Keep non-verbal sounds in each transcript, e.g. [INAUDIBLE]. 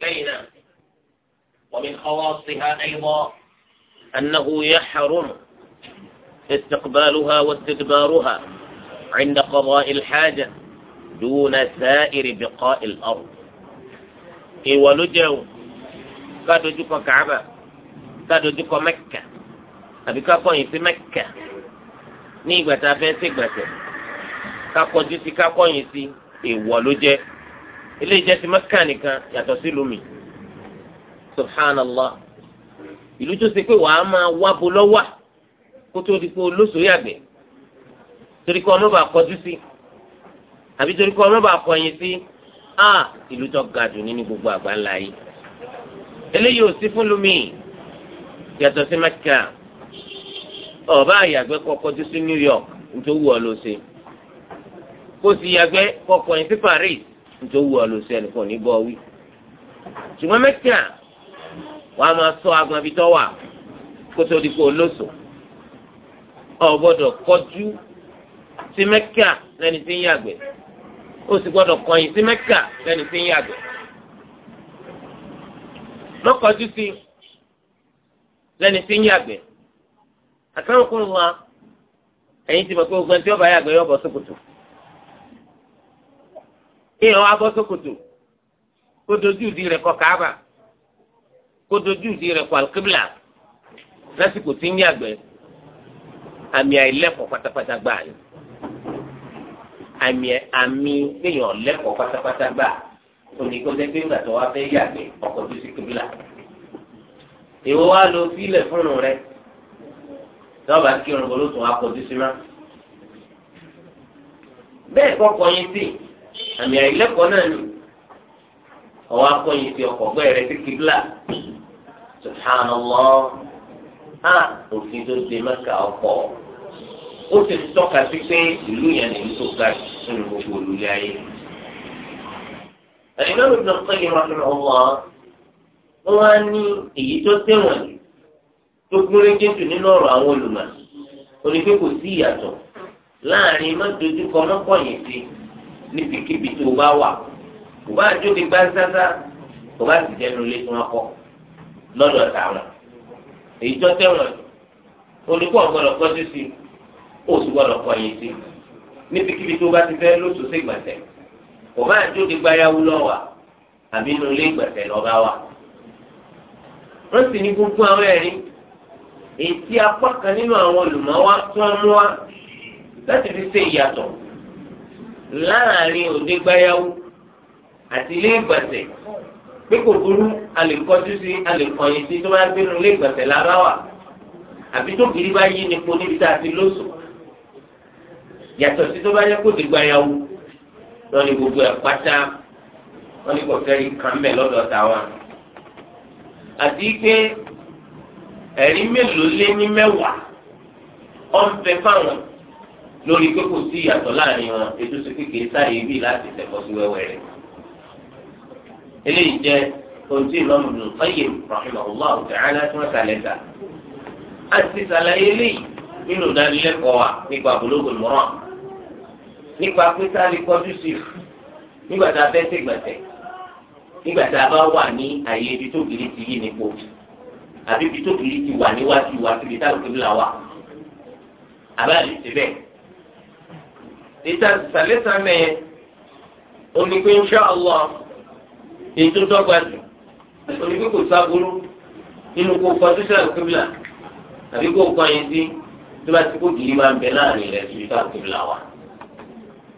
بين ومن خواصها أيضا أنه يحرم استقبالها واستدبارها عند قضاء الحاجة دون سائر بقاء الأرض إيوالجو كادو جوكا كعبة كادو جوكا مكة أبي كاكو في مكة نيغوة تافين سيغوة كاكو جوكا كاكو يسي إيوالجو ilé ìjẹ́ ti Mẹ́kà nìkan yàtọ̀ sí Lumi. subhanallah ìlú tó ṣe pé wàá máa wá bo lọ́wà kó tó di pé olóṣò yàgbẹ́ torí kọ́ ọmọ bá kọjú sí àbí torí kọ́ ọmọ bá kọyìn sí a ìlú tó ga jù nínú gbogbo àgbáńlá yìí eléyìí ò sí fún lómi yàtọ̀ sí Mẹ́kà ọba àyàgbẹ́ kọ́ kọjú sí New York nítorí wọ́ọ́ ló ṣe kó sì yàgbẹ́ kọ́ kọyìn sí Paris nítorí wù ọ lọ sí ẹnìkan ní bọ́ wí. ṣùgbọ́n mẹ́tìrà wàá máa sọ agbọn ibi tó wà kó tó di kó lóṣù ọ gbọ́dọ̀ kọjú sí mẹ́kà lẹ́ni tí ń yàgbẹ́ ó sì gbọ́dọ̀ kọyìn sí mẹ́kà lẹ́ni tí ń yàgbẹ́. mọ́kànjú sí lẹ́ni tí ń yàgbẹ́ àtàwọn kò ń wá ẹ̀yin ti mọ̀ pé ogun tí ọba yàgbẹ́ yọ̀ bọ̀ sókòtò èèyàn wá bọ́ sókòtò kó dojú ìdí rẹ̀ kọ káàbà kó dojú ìdí rẹ̀ kọ alkibla lásìkò tí ń yàgbẹ́ àmì àìlẹ́kọ̀ọ́ pátápátá gbáà ni àmì àmì kéèyàn lẹ́kọ̀ọ́ pátápátá gbáà onígbọ́dẹ́ pé ńgbà tó wá fẹ́ yàgbẹ́ ọkọ̀ tó sì kibla èwo wá lo fílẹ̀ fúnnu rẹ̀ lọ́ba kí ọ̀rùn bolótùn akọ̀ tó sì má bẹ́ẹ̀ kọ́kọ́ yín sí i àmì àìlẹ́kọ̀ọ́ náà ni ọwọ́ akọ́yìn ti ọkọ̀ gbẹ́ rẹ sí kíbla subhanallah á òfin tó de mẹ́ka ọkọ̀ ó ti tọ́ka sí pé ìlú yẹn ní tó ga nínú gbogbo olùlé ayé. àìmọ́ mi náà kọ́ ìrọ̀ àfihàn ọ̀wọ́ wọn á ní èyí tó tẹ̀wọ̀n tó gúnrégé jù nínú ọ̀rọ̀ àwọn olùmọ̀ onígbé kò sí ìyàtọ̀ láàrin mọ́tòdúkọ mọ́kànyìn sí i níbikíbi tó bá wà kò bá jó ní gbáńsáńsá kò bá sì jẹnu ilé tí wọn kọ lọ́dọ̀ táwọn èyí tó tẹwọn olùkọ́ ọgbọ́dọ̀ kọjú sí oṣù gbọ́dọ̀ kọ̀yìn sí níbikíbi tó bá ti fẹ́ lóṣù sí gbàtẹ kò bá jó ní gbáyàwó lọwà àbí inú ilé gbàtẹ lọba wà wọ́n sì ní gbogbo àwọn ẹ̀rí èyí apá kan nínú àwọn olùmọ̀ tó ń mú wa láti fi ṣe ìyàtọ̀ láàrin òde gbáyàwó àti ilé ìgbọ̀nsẹ̀ pé kò burú alèkọ́jú sí alèkọ́yìn sí tó bá gbénu ilé ìgbọ̀nsẹ̀ lára wà àbí tó kiri bá yí nípo níbi tá a ti lóṣù yàtọ̀ sí tó bá yẹ kó di gbáyàwó lọ́ni gbogbo ẹ̀ pátá wọ́n ní kò kàn mẹ́ lọ́dọ̀ táwọn àti pé ẹ̀rí mélòó lé ní mẹ́wàá ọ̀nfẹ́ fáwọn lórí pé kò sí ìyàtọ̀ láàrin wọn ètò sí sáyé bí láti tẹ̀kọ́ sí wẹ́wẹ́ rẹ̀. eléyìí jẹ́ ohun tí ìlọ́mù nù fẹ́yẹ̀ tí wọ́n a ti sàlàyé eléyìí nínú ìdánilẹ́kọ̀ọ́ wa nípa bulugul maram nípa pé sáré kọjú sí i nígbà tá a fẹ́ ṣègbàtẹ̀ nígbà tá a bá wà ní àyè ibi tó kiri ti yí àbí ibi tó kiri ti wa síbi ìta sàlẹ́sà mẹ́yẹn onígbé insha Allah ètò dọ́gba jù onígbé kò sábúrú nínú kó kọ́ sísè àkébìlà àbí kó kọ́ yẹn sí tó bá ti kó kìí máa bẹ̀ láàrin rẹ̀ síbi ká àkébìlà wa.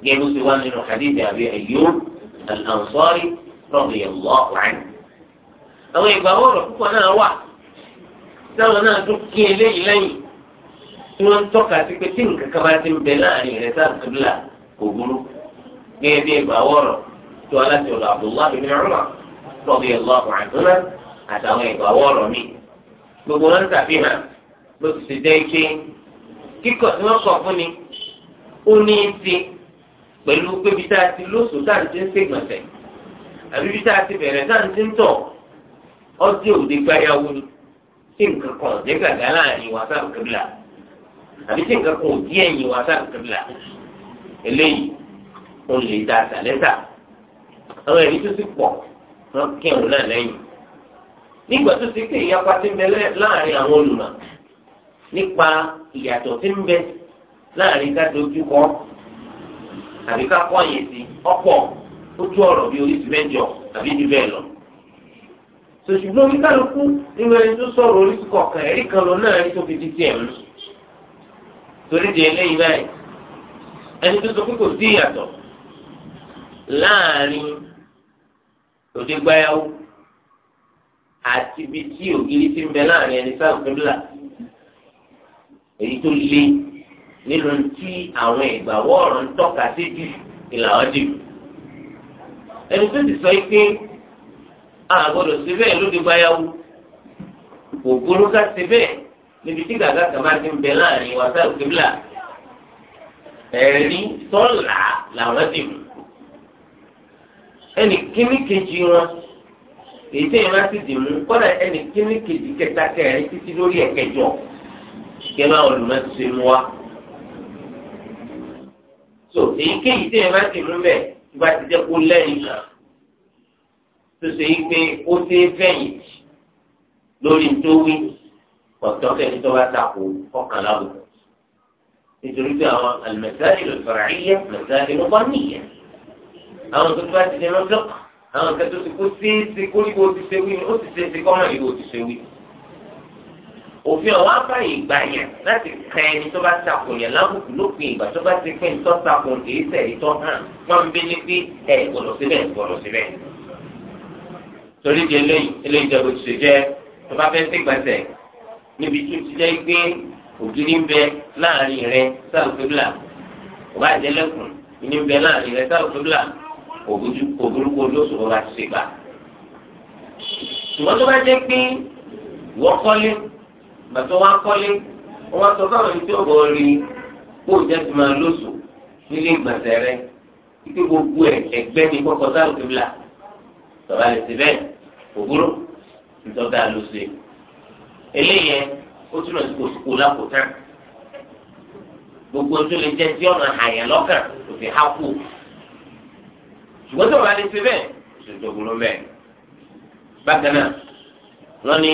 gẹ́gẹ́ bí wọ́n nínú hadith àbí Ayyub al-Ansari àwọn ìgbà wọ̀rọ̀ púpọ̀ náà wà táwọn náà tún kí eléyìí lẹ́yìn tí wọ́n ń tọ́ka sí pé tí nǹkan kan bá ti ń bẹ láàrin rẹ̀ sáà kíbla kò burú gẹ́gẹ́ bí ìgbàwọ́rọ̀ tó aláṣẹ ọ̀dọ̀ Abdullah ibn Umar radiyallahu anhuma àtàwọn ìgbàwọ́rọ̀ mi gbogbo wọn ń ṣàfihàn ló ti ṣe jẹ́ pé kíkọ̀ tí wọ́n kọ̀ fún ni ó ní í ti pẹ̀lú pé tá a ti lóṣù tá a ti ń ṣègbọ̀nsẹ̀ àbí bí tá a ti bẹ̀rẹ̀ tá a ti ń tọ̀ ọdí òde gbáyàwó ni tí nǹkan kan ọ̀dẹ́gàgà àbí tí nǹkan kan ò dí ẹ̀yìn wá sáà kébìlà eléyìí ó lè da àtàlẹ́tà àwọn ẹ̀rí tó ti pọ̀ wọ́n kí òun náà lẹ́yìn nígbà tó ti pé ìyapa ti ń bẹ láàrin àwọn olùmọ̀ nípa ìyàtọ̀ ti ń bẹ láàrin ká dojú kọ àbí ká kọ̀yìn sí ọ̀pọ̀ ojú ọ̀rọ̀ bíi oríṣi mẹ́jọ àbí jù bẹ́ẹ̀ lọ sòṣùgbọ́n oníkálukú nínú ẹni tó sọ̀rọ̀ oríṣi kọ̀ọ̀kan ẹ̀rí kan lọ náà ẹni tó fi di tiẹ̀ mú torí di eléyìí báyìí ẹni tó sọ pé kò sí ìyàtọ̀ láàrin òde gbáyàwó àti ibi tí ògiri ti ń bẹ láàrin ẹni sáà òkúńdùlà èyí tó le nínú tí àwọn ìgbàwọ́ ọ̀rọ̀ ń tọ́ka sí jù ìlànà jù ẹni tó ti sọ pé àgọ́dọ̀ síbẹ̀ lóde gbáyàwó kò gbóló ká síbẹ̀ níbi tí gàgà kan bá ti ń bẹ láàrin wàtá òkèbílà ẹ̀rí tọ́là làwọn ti mú ẹnì kíní kejì wọn èyí tẹ̀yìn wá sì dì mú kọ́dà ẹnì kíní kejì kẹta kẹrin títí lórí ẹ̀kẹjọ kí máa olùmọ̀ ti ṣe mú wa. so èyíkéyìí tẹ̀yìn wá sì mú bẹ́ẹ̀ tí bá ti jẹ́ kó lẹ́yìn náà tó ṣe yí pé ó ṣe é lórí tó wí pọ̀tọ́kẹ́ ní tó bá takò ọkàn lábùkù nítorí pé àwọn àlùmọ̀sáàlì ló fara yíyá mọ̀sáàlì ló bá níyà àwọn tó bá ti dẹ́nu lọ́k àwọn kan tó ti kó séèsì kórìkò ti ṣe wí ó ti séèsì kọ́mọ ìwò ti ṣe wí. òfin àwọn abáyé ìgbà yẹn láti ka ẹni tó bá takò yẹn lábùkù lópin ìgbà tó bá ti pín tó takò èyí ìtọ́ hàn tó bá fẹ́ sí gbàtẹ́ níbi tó ti jẹ́ pé ògiri ń bẹ láàrin rẹ sáà kébìlà ọba àjẹlẹ̀kùn ní ń bẹ láàrin rẹ sáà kébìlà òbúrúkú olóṣù ọba ti ṣègbà. ṣùgbọ́n tó bá jẹ́ pé wọ́n kọ́lé bàtọ́ wá kọ́lé wọ́n sọ fáwọn ẹni tí ó bọ̀ rí kó o jẹ́ ti máa lóṣù nílé ìgbọ̀nsẹ̀ rẹ kíkẹ́ gbogbo ẹ̀ ẹgbẹ́ ní kọ́kọ́ sáà kébìlà tọ́ba lè ṣe bẹ́ẹ̀ òbúrú nítorí àlùsẹ̀. eléyẹ ó túnbọ̀ sí kòtùkù tán gbogbo tó lè jẹ́ tí ọ̀nà àyàn lọ́kàn tó fi há kù ṣùgbọ́n tó bá lè ṣe bẹ́ẹ̀ ṣe tó ló bẹ́ẹ̀ bákan náà wọ́n ní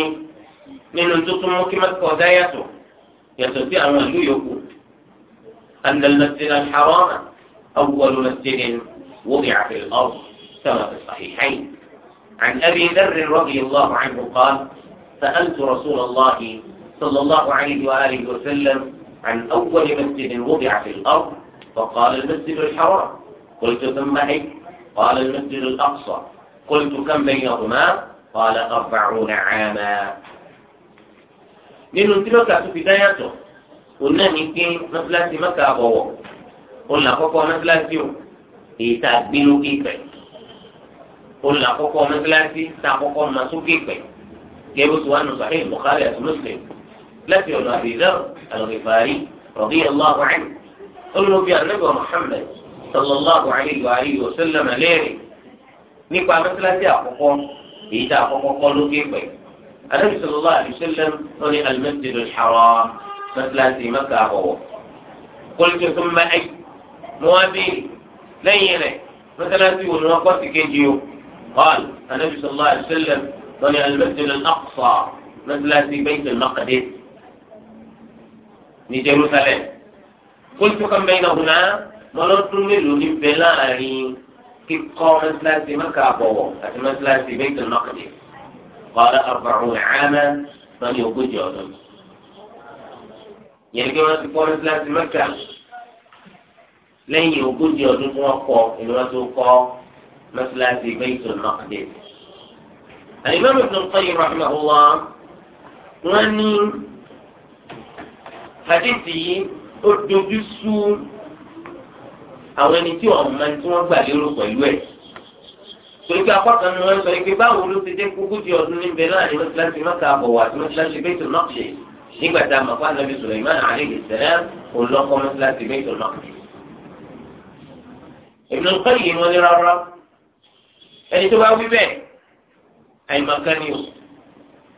nínú tó tún mú kí mẹ́kọ̀ ọ̀dá yàtọ̀ yàtọ̀ sí àwọn ìlú yòókù أن المسجد الحرام أول مسجد وضع في الأرض كما في الصحيحين عن أبي ذر رضي الله عنه قال سألت رسول الله صلى الله عليه وآله وسلم عن أول مسجد وضع في الأرض فقال المسجد الحرام قلت ثم أي قال المسجد الأقصى قلت كم بينهما قال أربعون عاما من تلك في بدايته قلنا نكي إيه؟ مثلا في مكة أبوه قلنا فوق مثلا في يتابلو كيفي قلنا فوق مثلا في تابقون مسو كيفي كيف سؤال صحيح البخاري أو مسلم لا في أبي ذر الغفاري رضي الله عنه قل له بأن نبي محمد صلى الله عليه وآله وسلم ليه nípa mẹ́tíláṣí àkọ́kọ́ èyí tá àkọ́kọ́ kọ́ lókè pẹ̀. Ànábì sallallahu alaihi wasallam ó ní al-Masjid al-Haram mẹ́tíláṣí mẹ́ta àbọ̀wọ̀. Qultu thumma ayy mo wá bí lẹ́yìn rẹ̀ mẹ́tíláṣí wo ni wọ́n kọ́ sí kejì o. Qala صنع المسجد الأقصى نزل في بيت المقدس في جيروسالين قلت كم بين هنا مرات مليون بلا أرين كي قام في مكة أبوه أتمثل في بيت المقدس قال أربعون عاما من يوجد جودم يعني كما تقول مثل في مكة لن يوجد جودم وقوة إنه تقول مثل في بيت المقدس al ابن Ibn رحمه الله، rahimahullah wọ́n ní hadithi yìí ó dojú sú àwọn ẹni tí wọ́n máa tí wọ́n gbà lérò pẹ̀lú ẹ̀ torí pé apá kan ní wọ́n sọ pé báwo ló ti dé kúkú di ọdún níbẹ̀ láàrin mọ́tíláṣí mọ́ta àbọ̀wọ̀ àti mọ́tíláṣí bẹ́tù nọ́ọ̀ṣì nígbà tá a mọ̀ fún anabi Sulaiman alayhi salam kò lọ́kọ́ mọ́tíláṣí bẹ́tù nọ́ọ̀ṣì. Ibn al-Qayyim wọn ní rárá ẹni tó bá wí bẹ́ẹ̀ àyìnbọ̀nkan ni o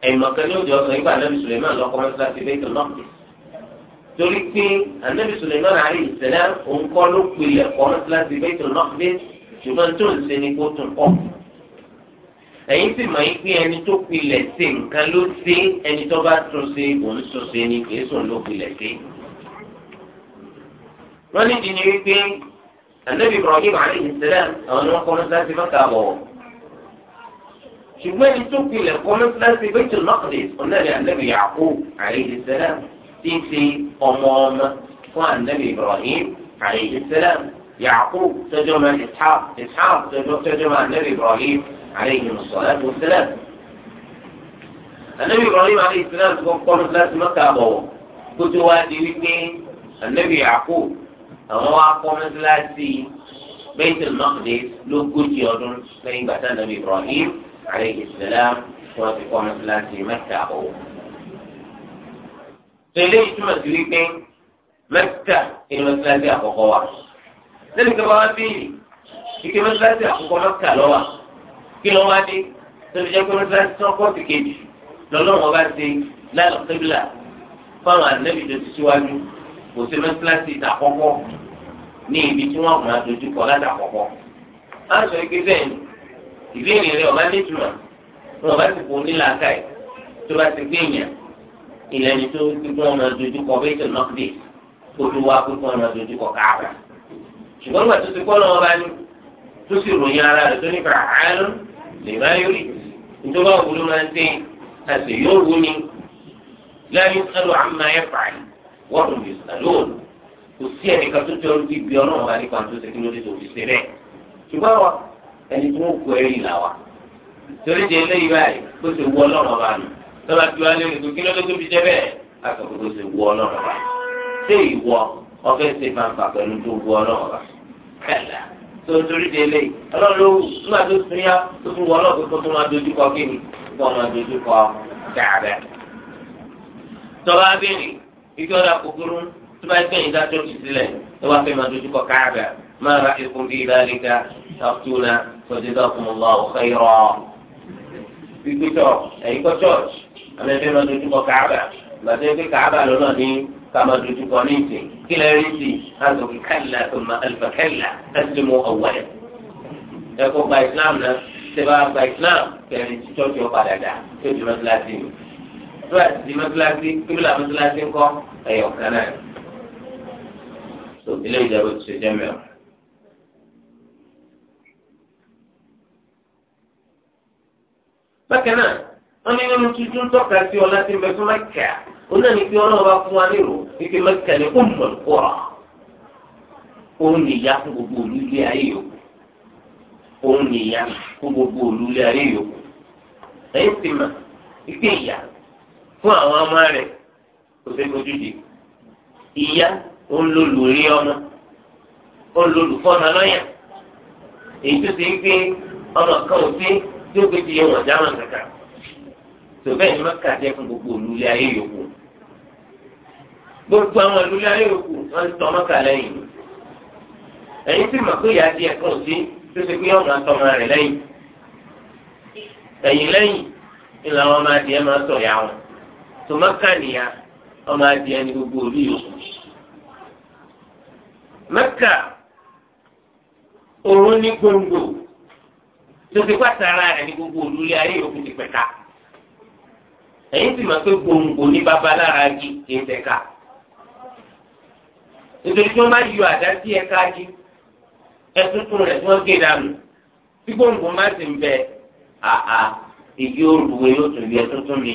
àyìnbọ̀nkan ni o jọ sọ nípa anabi suleiman lọ́kọ́ mọ́sálásí bẹ́ẹ̀kì lọ́kì torí pé anabi suleiman àrí ìṣẹ̀lẹ̀ òǹkọ́ ló pèlè ẹ̀kọ́ mọ́sálásí bẹ́ẹ̀kì lọ́kì ṣùgbọ́n tó ń ṣe ni kó tún kọ́ ẹ̀yin sì mọ̀ yín pé ẹni tó pilẹ̀ sí nǹkan ló ṣe ẹni tó bá tún ṣe òun tún ṣe ni kì í sùn ló pilẹ̀ sí. wọ́n ní ìdí ni wípé anabi ibrahim alayhi salam àwọn ọmọ kọ́mọ́sálásí mọ́ta bọ̀wọ̀. شو ما يتوكي لقومه فلاس في بيت المقدس قلنا النبي يعقوب عليه السلام تيسي قمام قال النبي إبراهيم عليه السلام يعقوب تجمع إسحاق إسحاق تجمع النبي إبراهيم عليه الصلاة والسلام النبي إبراهيم عليه السلام تقوم قوم فلاس في مكة أبوه كتوا النبي يعقوب هو قوم فلاس في بيت المقدس لو كتوا دون سنين بعد النبي إبراهيم alayhi salam tí wọ́n ti kọ́ mọ́sálásí mẹ́ta o. tẹ̀lé ìtumọ̀ sí wípé mẹ́ta ìlú mọ́sálásí àkọ́kọ́ wa. lẹ́nu kẹfà wá bí ike mọ́sálásí àkọ́kọ́ mẹ́ta lọ́wọ́ kí ló wá dé tóbi jẹ́ pé mọ́sálásí sọ́kọ́ ti kejì lọ́lọ́wọ́ bá ti lálọ́ kébìlà fáwọn ànábì tó ti síwájú kò sí mọ́sálásí ìtàkọ́kọ́ ní ibi tí wọ́n máa dojú kọ látàkọ́kọ́. láti sọ ike bẹ́ẹ̀ ni ìbéèrè rẹ ọba nítumọ̀ wọn bá ti kú nílàáká yìí tó bá ti gbé yàn ìlànà tó gbígbọ́n ọmọ dojú kọ bẹ́ẹ̀ tó náà dé kó tó wá gbígbọ́n ọmọ dojú kọ káàbà ṣùgbọ́n gbà tó ti kọ́ lọ́wọ́ bá ní tó sì ròyìn ara rẹ̀ tó ní fàáàlú lè má yọrí ìjọba òwúrò máa ń tẹ́ àti yóò wú ni lẹ́yìn ẹlò àmà ẹ̀ fà yìí wọ́n lè sàlóòlù kò sí ẹnìkan tó jọ ibi ọlọ́run bá nípa tó ṣe kí ló ẹni tó ń kó ẹ̀rí là wà torí de eléyìí báyìí kó sì wọ ọlọ́run bá nù lọ́ba tí wàá lérò kí lọ́dọ́ tó fi jẹ́ bẹ́ẹ̀ akọ̀kọ̀ kó sì wọ ọlọ́run bá ṣé ìwọ ọfẹ́ ṣe fanfa pẹ̀lú tó wọ ọlọ́run bá kẹlẹ́ tó torí de eléyìí ọlọ́run ló wù nígbà tó sùn yá tó tún wọ ọlọ́run tó tún máa dojú kọ kí ni kó máa dojú kọ dáadáa ike ọ̀dà فجزاكم الله خيرا في كتاب اي كتاب انا في مدرسة كعبة مدرسة كعبة لنا دي كما درسوا كنيتي كلا ريسي هذا كلا ثم ألف كلا أسلموا أولا يقول بإسلامنا سبا بإسلام كلا ريسي تشوتي وقال أدا كيف مثلاتي فأس دي مثلاتي كيف لا مثلاتي كو أيوه كنان سو إليه جابت سجمعه bákan náà wọn ní nínú tuntun tọ́ka sí ọlá tí ń bẹ fún mẹ́kà ó náà ní pé ọlọ́run bá fún wa nílò wípé mẹ́kà ní ummul qura òun nìyá fún gbogbo olú ilé ayé yòókù òun nìyá fún gbogbo olú ilé ayé yòókù ẹ̀yìn ti mà wípé ìyá fún àwọn ọmọ rẹ̀ kò sí fojú di ìyá òun ló lù rí ọmọ òun ló lù fọ́nà lọ́yà èyí tó ti ń gbé ọmọ kan ò sí tí ó gbèjì yẹn wọn jáwọn kankan tó bẹ́ẹ̀ ni mọ́kà jẹ́ fún gbogbo olùlé ayé yòókù gbogbo àwọn olùlé ayé yòókù wọ́n ti tọ́ mọ́kà lẹ́yìn ẹ̀yin sì mọ̀ pé ìyá di ẹ̀kọ́ sí tó ṣe pé ọ̀nà àtọ́mọ rẹ̀ lẹ́yìn ẹ̀yìn lẹ́yìn ni làwọn ọmọ adìẹ máa sọ ìyá wọn tó mọ́kà nìyà ọmọ adìẹ ni gbogbo olú yòókù mọ́kà òun ní gbòǹgbò lókè pàtàkì rẹ̀ ni gbogbo olúlé ayé yòókù ti pẹ̀ka ẹ̀yin sì máa pé gbòǹgbò ní babalára gi kì í tẹ̀ka nítorí tí wọ́n bá yọ àdá sí ẹ̀ka gi ẹ̀túntún rẹ̀ tí wọ́n gé dànù tí gbòǹgbò má sì ń bẹ àhà èyí ó lu yóò tún bí ẹ̀túntún mi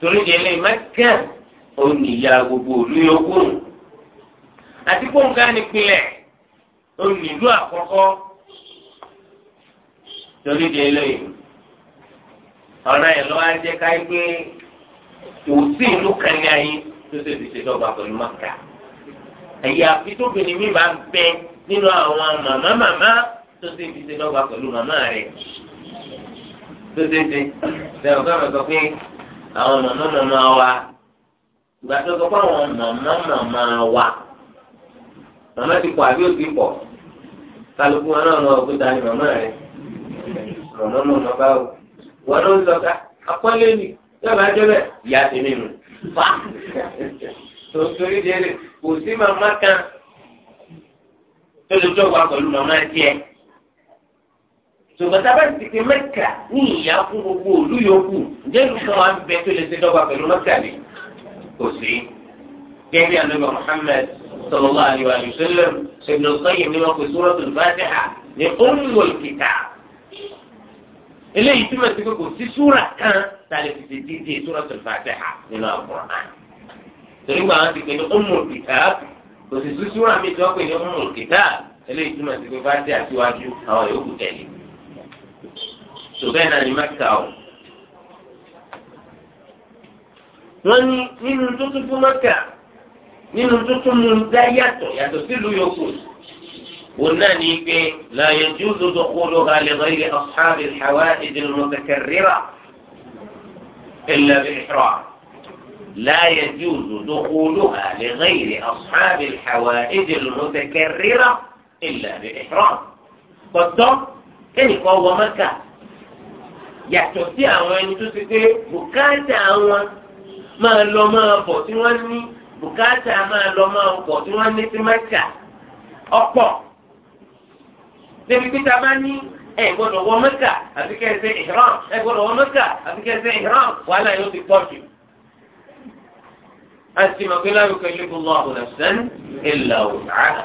torí délé mẹ́kẹ́ ò níyà gbogbo olú yòókù àti gbòǹgà nípìnlẹ̀ ò nílùú àkọ́kọ́ torí di eléyìí ọ̀nà yẹn lọ́wọ́ ajẹ́ káyé pé kò sí ìlú kan ní ayé tó ṣe fi ṣèjọba pẹ̀lú màkà ẹ̀yà àfitóbìnrin mi máa ń bẹ nínú àwọn màmá màmá tó ṣe fi ṣèjọba pẹ̀lú màmá rẹ̀ tó ṣe ṣe ṣẹ̀wọ̀n káwọn sọ pé àwọn màmá màmá wa ìgbà tó sọ pé àwọn màmá màmá wa màmá ti pọ̀ àbí òsì pọ̀ kálukú wọn náà lọ gbé dání màmá rẹ̀ sọ̀rọ̀ lọ́nà ọ̀nà bá wò wọ́n ló ń sọ ká akọ́lé ni yọ̀bá jẹ́bẹ̀ ìyá ti nínú fa tòótórí délé kò sí màmá kan tó lè jọ̀wọ́ pẹ̀lú màmá tiẹ̀ sọgbọta bá ti pe mẹ́kà ní ìyá fún gbogbo òlú yòókù ǹjẹ́ ìlú kan wà ń tó lè ṣe dọ́gba pẹ̀lú mẹ́kà ni kò sí gẹ́gẹ́ bí ànábì Muhammad sallallahu alaihi wa sallam ṣèlú ọ̀sán yìí ni wọ́n pe Suratul Fatiha ní ummul kitab eléyìí túmọ̀ sí pé kò sí súrà kan tá a lè fi ṣe dídí súrà tó Fàtíhà nínú Al-Qur'an torí pé àwọn ti pè ní Ummul Kitab kò sì sí súrà mi tí wọ́n pè ní Ummul Kitab eléyìí túmọ̀ sí pé Fàtíhà síwájú àwọn yòókù tẹ̀lé ṣùgbọ́n náà ni Mẹ́kà o. wọ́n ní nínú tuntun fún Mẹ́kà nínú tuntun mú dá yàtọ̀ yàtọ̀ sílùú yòókù والناني لا يجوز دخولها لغير أصحاب الحوائج المتكررة إلا بإحرام لا يجوز دخولها لغير أصحاب الحوائج المتكررة إلا بإحرام كان هو مكة yàtọ̀ sí àwọn ẹni tó ti pé bùkátà wọn máa lọ máa bọ̀ tí wọ́n ní ọ̀pọ̀ débi pé tá a bá ní ẹ gbọ́dọ̀ wọ mẹ́kà àfi kẹ́ ẹ ṣe ìhram ẹ gbọ́dọ̀ wọ mẹ́kà àfi kẹ́ ẹ ṣe ìhram wàhálà yóò ti pọ̀ jù. a ti mọ̀ pé la yukallifu nafsan illa wus'aha.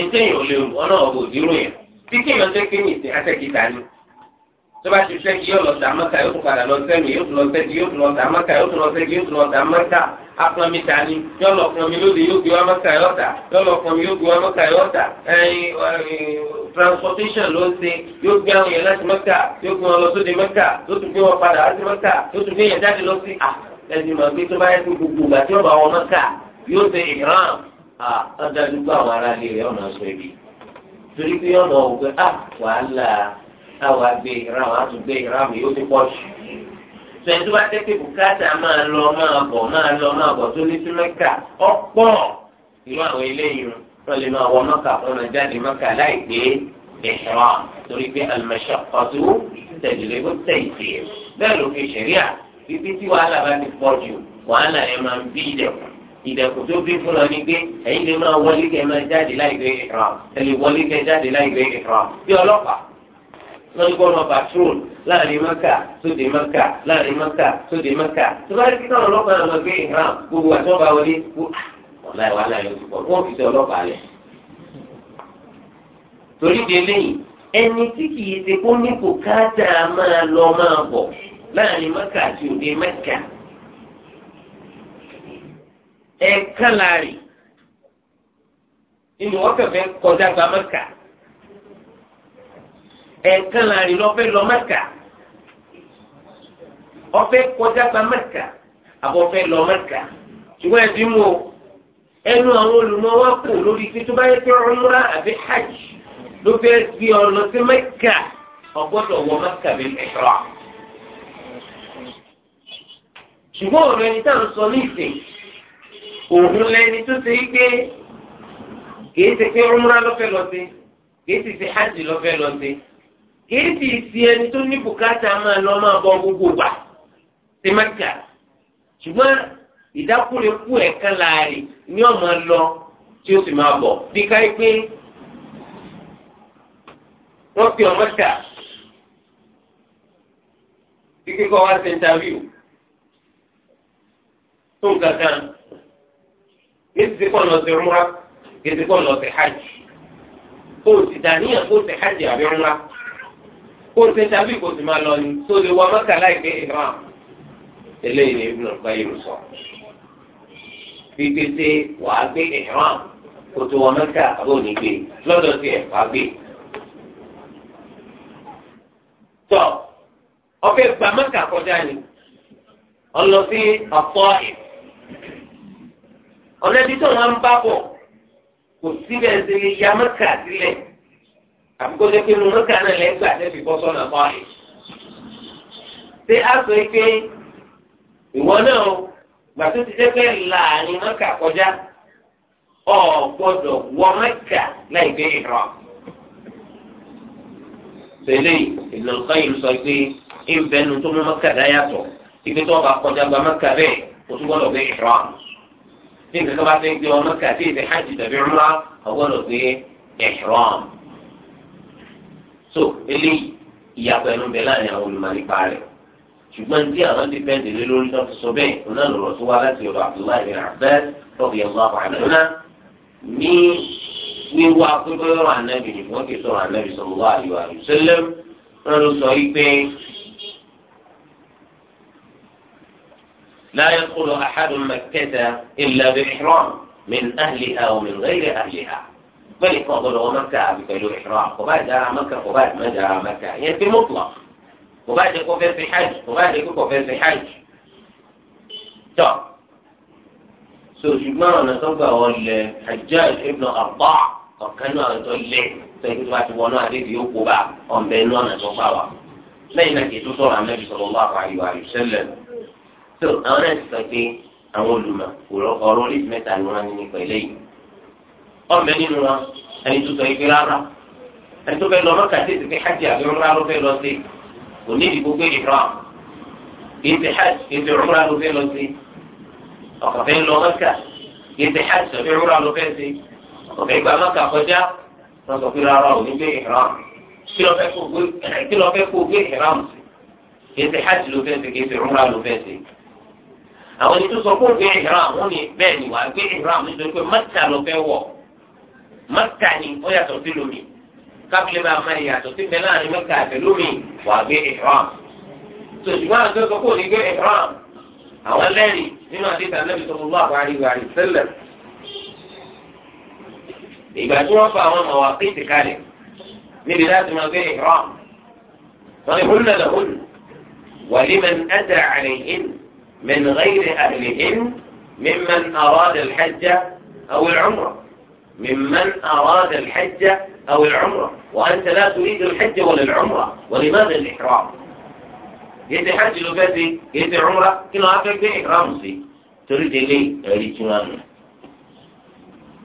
ìṣèyàn lè wù ọ́nà ọ̀bọ̀ òdìrú yẹn bí kéèyàn ṣe kéwì ṣe àtẹ̀kíta ni. tó bá ti fẹ́ yóò lọ sí yóò apọnmi ta ni yọlọ pọnmi lóde yóò gbé wa mọ́kà yọ̀tà yọlọ pọnmi yóò gbé wa mọ́kà yọ̀tà ẹyin transportation ló ń ṣe yóò gbé àwọn yẹn láti mọ́kà yóò gbé wọn lọ sóde mọ́kà yóò tún gbé wọn padà láti mọ́kà yóò tún gbé yẹn jáde lọ sí à ẹ̀sìn màgbé tó bá yẹ kó gbogbo ìgbà tí ọba wọn mọ́kà yóò ṣe ìran à ọ̀dà dùgbò àwọn ará ilé rẹ̀ ọ̀nà sọ ibi torí pé ọ̀nà òkè à wàhálà sẹ́yìn tó bá jẹ́ pé bùkátà máa lọ máa bọ̀ máa lọ máa bọ̀ tó ní sí mẹ́kà ọ̀pọ̀ irú àwọn eléyìí wọ́n lè máa wọ mọ́kà fún ọ jáde mọ́kà láì gbé ìṣọ́ torí pé al-mashaqqatu tajlibu at-taysir bẹ́ẹ̀ ló fi ṣẹ̀ríà ibi tí wàhálà bá ti pọ̀ jù wàhálà yẹn máa ń bí ìdẹ̀kùn ìdẹ̀kùn tó bí fún ọ ní pé ẹ̀yin lè máa wọlé kẹ́ máa jáde láì gbé lọ́dún kọ́ ọmọ patrol láàrin mọ́kà sóde mọ́kà láàrin mọ́kà sóde mọ́kà tó bá rí kíkọ́ ọlọ́pàá lọ gbé ìhàn gbogbo àtọ́ba wọlé kú ọ̀la ah, ìwà láàrin oṣù pọ̀ wọ́n fi ṣe ọlọ́pàá lẹ̀. torí de lẹ́yìn ẹni tí kì í ṣe kó ní kò káàtà máa lọ máa bọ̀ láàrin mọ́kà àti òde mọ́kà ẹ̀ẹ́kan láàrin nínú ọkọ̀ fẹ́ kọjá gba mọ́kà ẹ̀ẹ̀kan láàrin lọ́fẹ́ lọ mẹ́kà ọfẹ́ kọjá pa mẹ́kà àbọ̀fẹ́ lọ mẹ́kà ṣùgbọ́n ẹ̀ ti mú o ẹnu àwọn olùmọ̀ wa kù lórí pé tó bá yẹ pé umra àbí hajj ló fẹ́ gbé ọ lọ sí mẹ́kà ọgbọ́dọ̀ wọ mẹ́kà bí ihram ṣùgbọ́n ọ̀rọ̀ ẹni tá à ń sọ ní ìsìn òun lẹni tó ṣe gbé kìí ṣe pé umra ló lọ sí kìí ṣe ṣe hajj ló lọ sí kìí sì sí ẹni tó ní bùkátà máa lọ máa bọ gbogbo gbà sí mẹ́kà ṣùgbọ́n ìdákùrẹ́ kú ẹ̀ka láàrin ní ọmọ lọ tí ó sì máa bọ̀ bí káyí pé wọ́n fi ọmọ kà bí kíkọ́ wá sí interview tó nǹkan kan ní ti kọ́ lọ sí rúmúrá kí ti kọ́ lọ sí hajj kó o sì dàníyàn kó o sì hajj àbí rúmúrá kó o ṣe tàbí kó o sì máa lọ ni tó lè wọ mọ́kà láìpẹ́ ìhàn eléyìí ni Ibn Qayyim sọ gbígbé ṣe wàá gbé ìhàn kó o tó wọ mọ́kà àbọ̀ nígbè lọ́dọ̀ sí ẹ̀ wàá gbé. tọ́ ọ̀fẹ́ gba mọ́kà kọjá ni ọlọ́sí ọ̀pọ̀ ẹ̀ ọ̀nà ibi tó wọn ń bá bọ̀ kò síbẹ̀ ṣe lè sílẹ̀ àkókò pé mo mọ́kà náà lẹ́yìn gbà tẹ́bi bọ́ sọ́nà bọ́ọ̀lì. ṣé a sọ pé ìwọ náà gbà tó ti jẹ́ pé láàrin mọ́kà kọjá ọ̀ gbọ́dọ̀ wọ mọ́kà láì gbé ìrọ̀. tẹ́lẹ̀ Ibn al sọ pé ìbẹnu tó mú mọ́kà dá ibi tó bá kọjá gba mọ́kà bẹ́ẹ̀ o tún gbọ́dọ̀ gbé ìrọ̀. bí nǹkan bá fẹ́ gbé ọ mọ́kà tí ìfẹ́ hajj tàbí umrah ọgbọ́dọ̀ gbé ihram. so eléyìí ìyàpọ̀ ẹnu bẹ̀ láàrin àwọn olùmọ̀lẹ́pà rẹ̀ ṣùgbọ́n tí àwọn dìpẹ́ǹdì lé lórí tó sọ bẹ́ẹ̀ ọ̀nà lọ̀rọ̀ tó wá láti ọ̀dọ̀ Abdullahi bin Abbas tọ́bi ẹ̀wọ́ àpàdánù ní wíwá pípẹ́ ọ̀rọ̀ ànábì ni wọ́n ti sọ̀rọ̀ ànábì sọ̀rọ̀ àyọ̀ àyùsẹ́lẹ̀m wọ́n ló sọ wípé láyé kúrò àhádùn mẹ́kẹ́ta ìlàbẹ̀ ìrọ̀m min ahliha wa min ghayri ahliha. bẹ́ẹ̀ kan gbọ́dọ̀ wọ mẹ́kà àbí pẹ̀lú ìṣòro kò bá jára mẹ́kà kò bá má jára mẹ́kà yẹn ti mú pọ̀ kò bá jẹ́ kó fẹ́ fi hajj kò bá jẹ́ kó fẹ́ fi hajj. tọ́ so ṣùgbọ́n ọ̀nà tó gbà wọ́n lẹ Hajjaj ibn Arta' ọ̀kan náà tó lé sẹ́yìn tó bá ti wọnú àdébí ó kó bá ọ̀nbẹ inú ọ̀nà tó gbà wá. lẹ́yìn náà kì í tó sọ̀rọ̀ Ànábì sallallahu alaihi wasallam. so àwọn náà ti sọ pé àwọn olùmọ̀ ọ̀rọ̀ orí mẹ́ta ni wọ́n ní nípa eléyìí ọmọ nínú wọn ẹni tó sọ ike rárá ẹni tó fẹ́ lọ mọ́kàtí ti fi hajj àbí rúra ló fẹ́ lọ sí kò ní ìdìbò gbé ìrọ̀ kì í ti hajj kì í ti rúra ló fẹ́ lọ sí ọkọ̀ fẹ́ lọ mọ́kà kì í ti hajj àbí rúra ló fẹ́ sí ọkọ̀ ìgbà mọ́kà kọjá wọn sọ pé rárá ò ní gbé ìrọ̀ kí lọ fẹ́ kó gbé ìrọ̀ sí kì í ti hajj ló fẹ́ sí kì í ló fẹ́ sí àwọn ènìyàn sọ gbé ìrọ̀ àwọn ni bẹ́ẹ̀ ni wàá gbé ìrọ̀ nítorí pé mọ́kà mọ́kà ni ó yàtọ̀ sí lómi kábílẹ̀ máa ma ìyàtọ̀ sí bẹ́ẹ̀ láàrin mọ́kà àti lómi wà gbé ìhram tòṣùgbọ́n àti ọkọ̀ kò ní gbé ìhram àwọn lẹ́rìí nínú àdéhùn àlẹ́ bìtọ́ fún báwa àrí wàrí sẹ́lẹ̀ ìgbà tí wọ́n fa àwọn ọmọ wa pé ìtìkalẹ̀ níbi láti máa gbé ìhram wọ́n ní húnna lọ húnna wàlímẹ̀ ẹ̀dà àlẹ́hìn من غير أهلهن ممن أراد الحج أو العمرة ممن أراد الحج أو العمرة وأنت لا تريد الحج ولا العمرة ولماذا الإحرام يدي حج لو فاتي يدي عمرة كنا عارفك دي إحرام سي تريد لي أريد شمال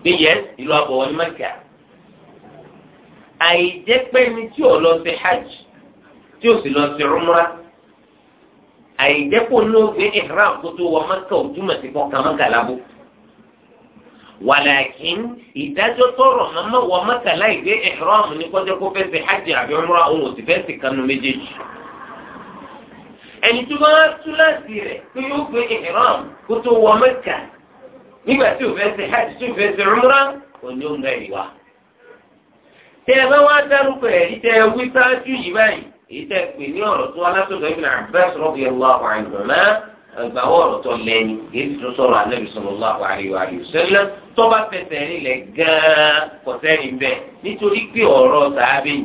بيس يلو أبو المكة àìjẹ́ pé ní tí ò lọ sí hajj tí ò sì lọ sí umra àìjẹ́ pé ní ó gbé ihram kó tó wọ mẹ́kà ولكن إذا tọrọ mọ́mọ́ wọ mọ́kà láì إحرام ihram ní kọjá kó fẹ́ ṣe hajj àbí umrah òun ò sì fẹ́ ṣe kanu méjèèjì. ẹni tó bá tún láti rẹ̀ pé yóò gbé ihram kó tó wọ mọ́kà nígbà tí ò fẹ́ ṣe hajj tí ò fẹ́ ṣe umrah ẹ̀rí tẹ ẹ wí sáájú yìí báyìí èyí tẹ pè ní ọ̀rọ̀ tó alásòdò Ibn Abbas radiyallahu anhuma ẹgbàá ọ̀rọ̀ tó lẹ́ni èyí tó sọ̀rọ̀ Ànábì sallallahu alaihi wa sallam tọ́ba fẹsẹ̀ rinlẹ̀ gan-an kò sẹ́yìn bẹ́ẹ̀ nítorí pé ọ̀rọ̀ sàábì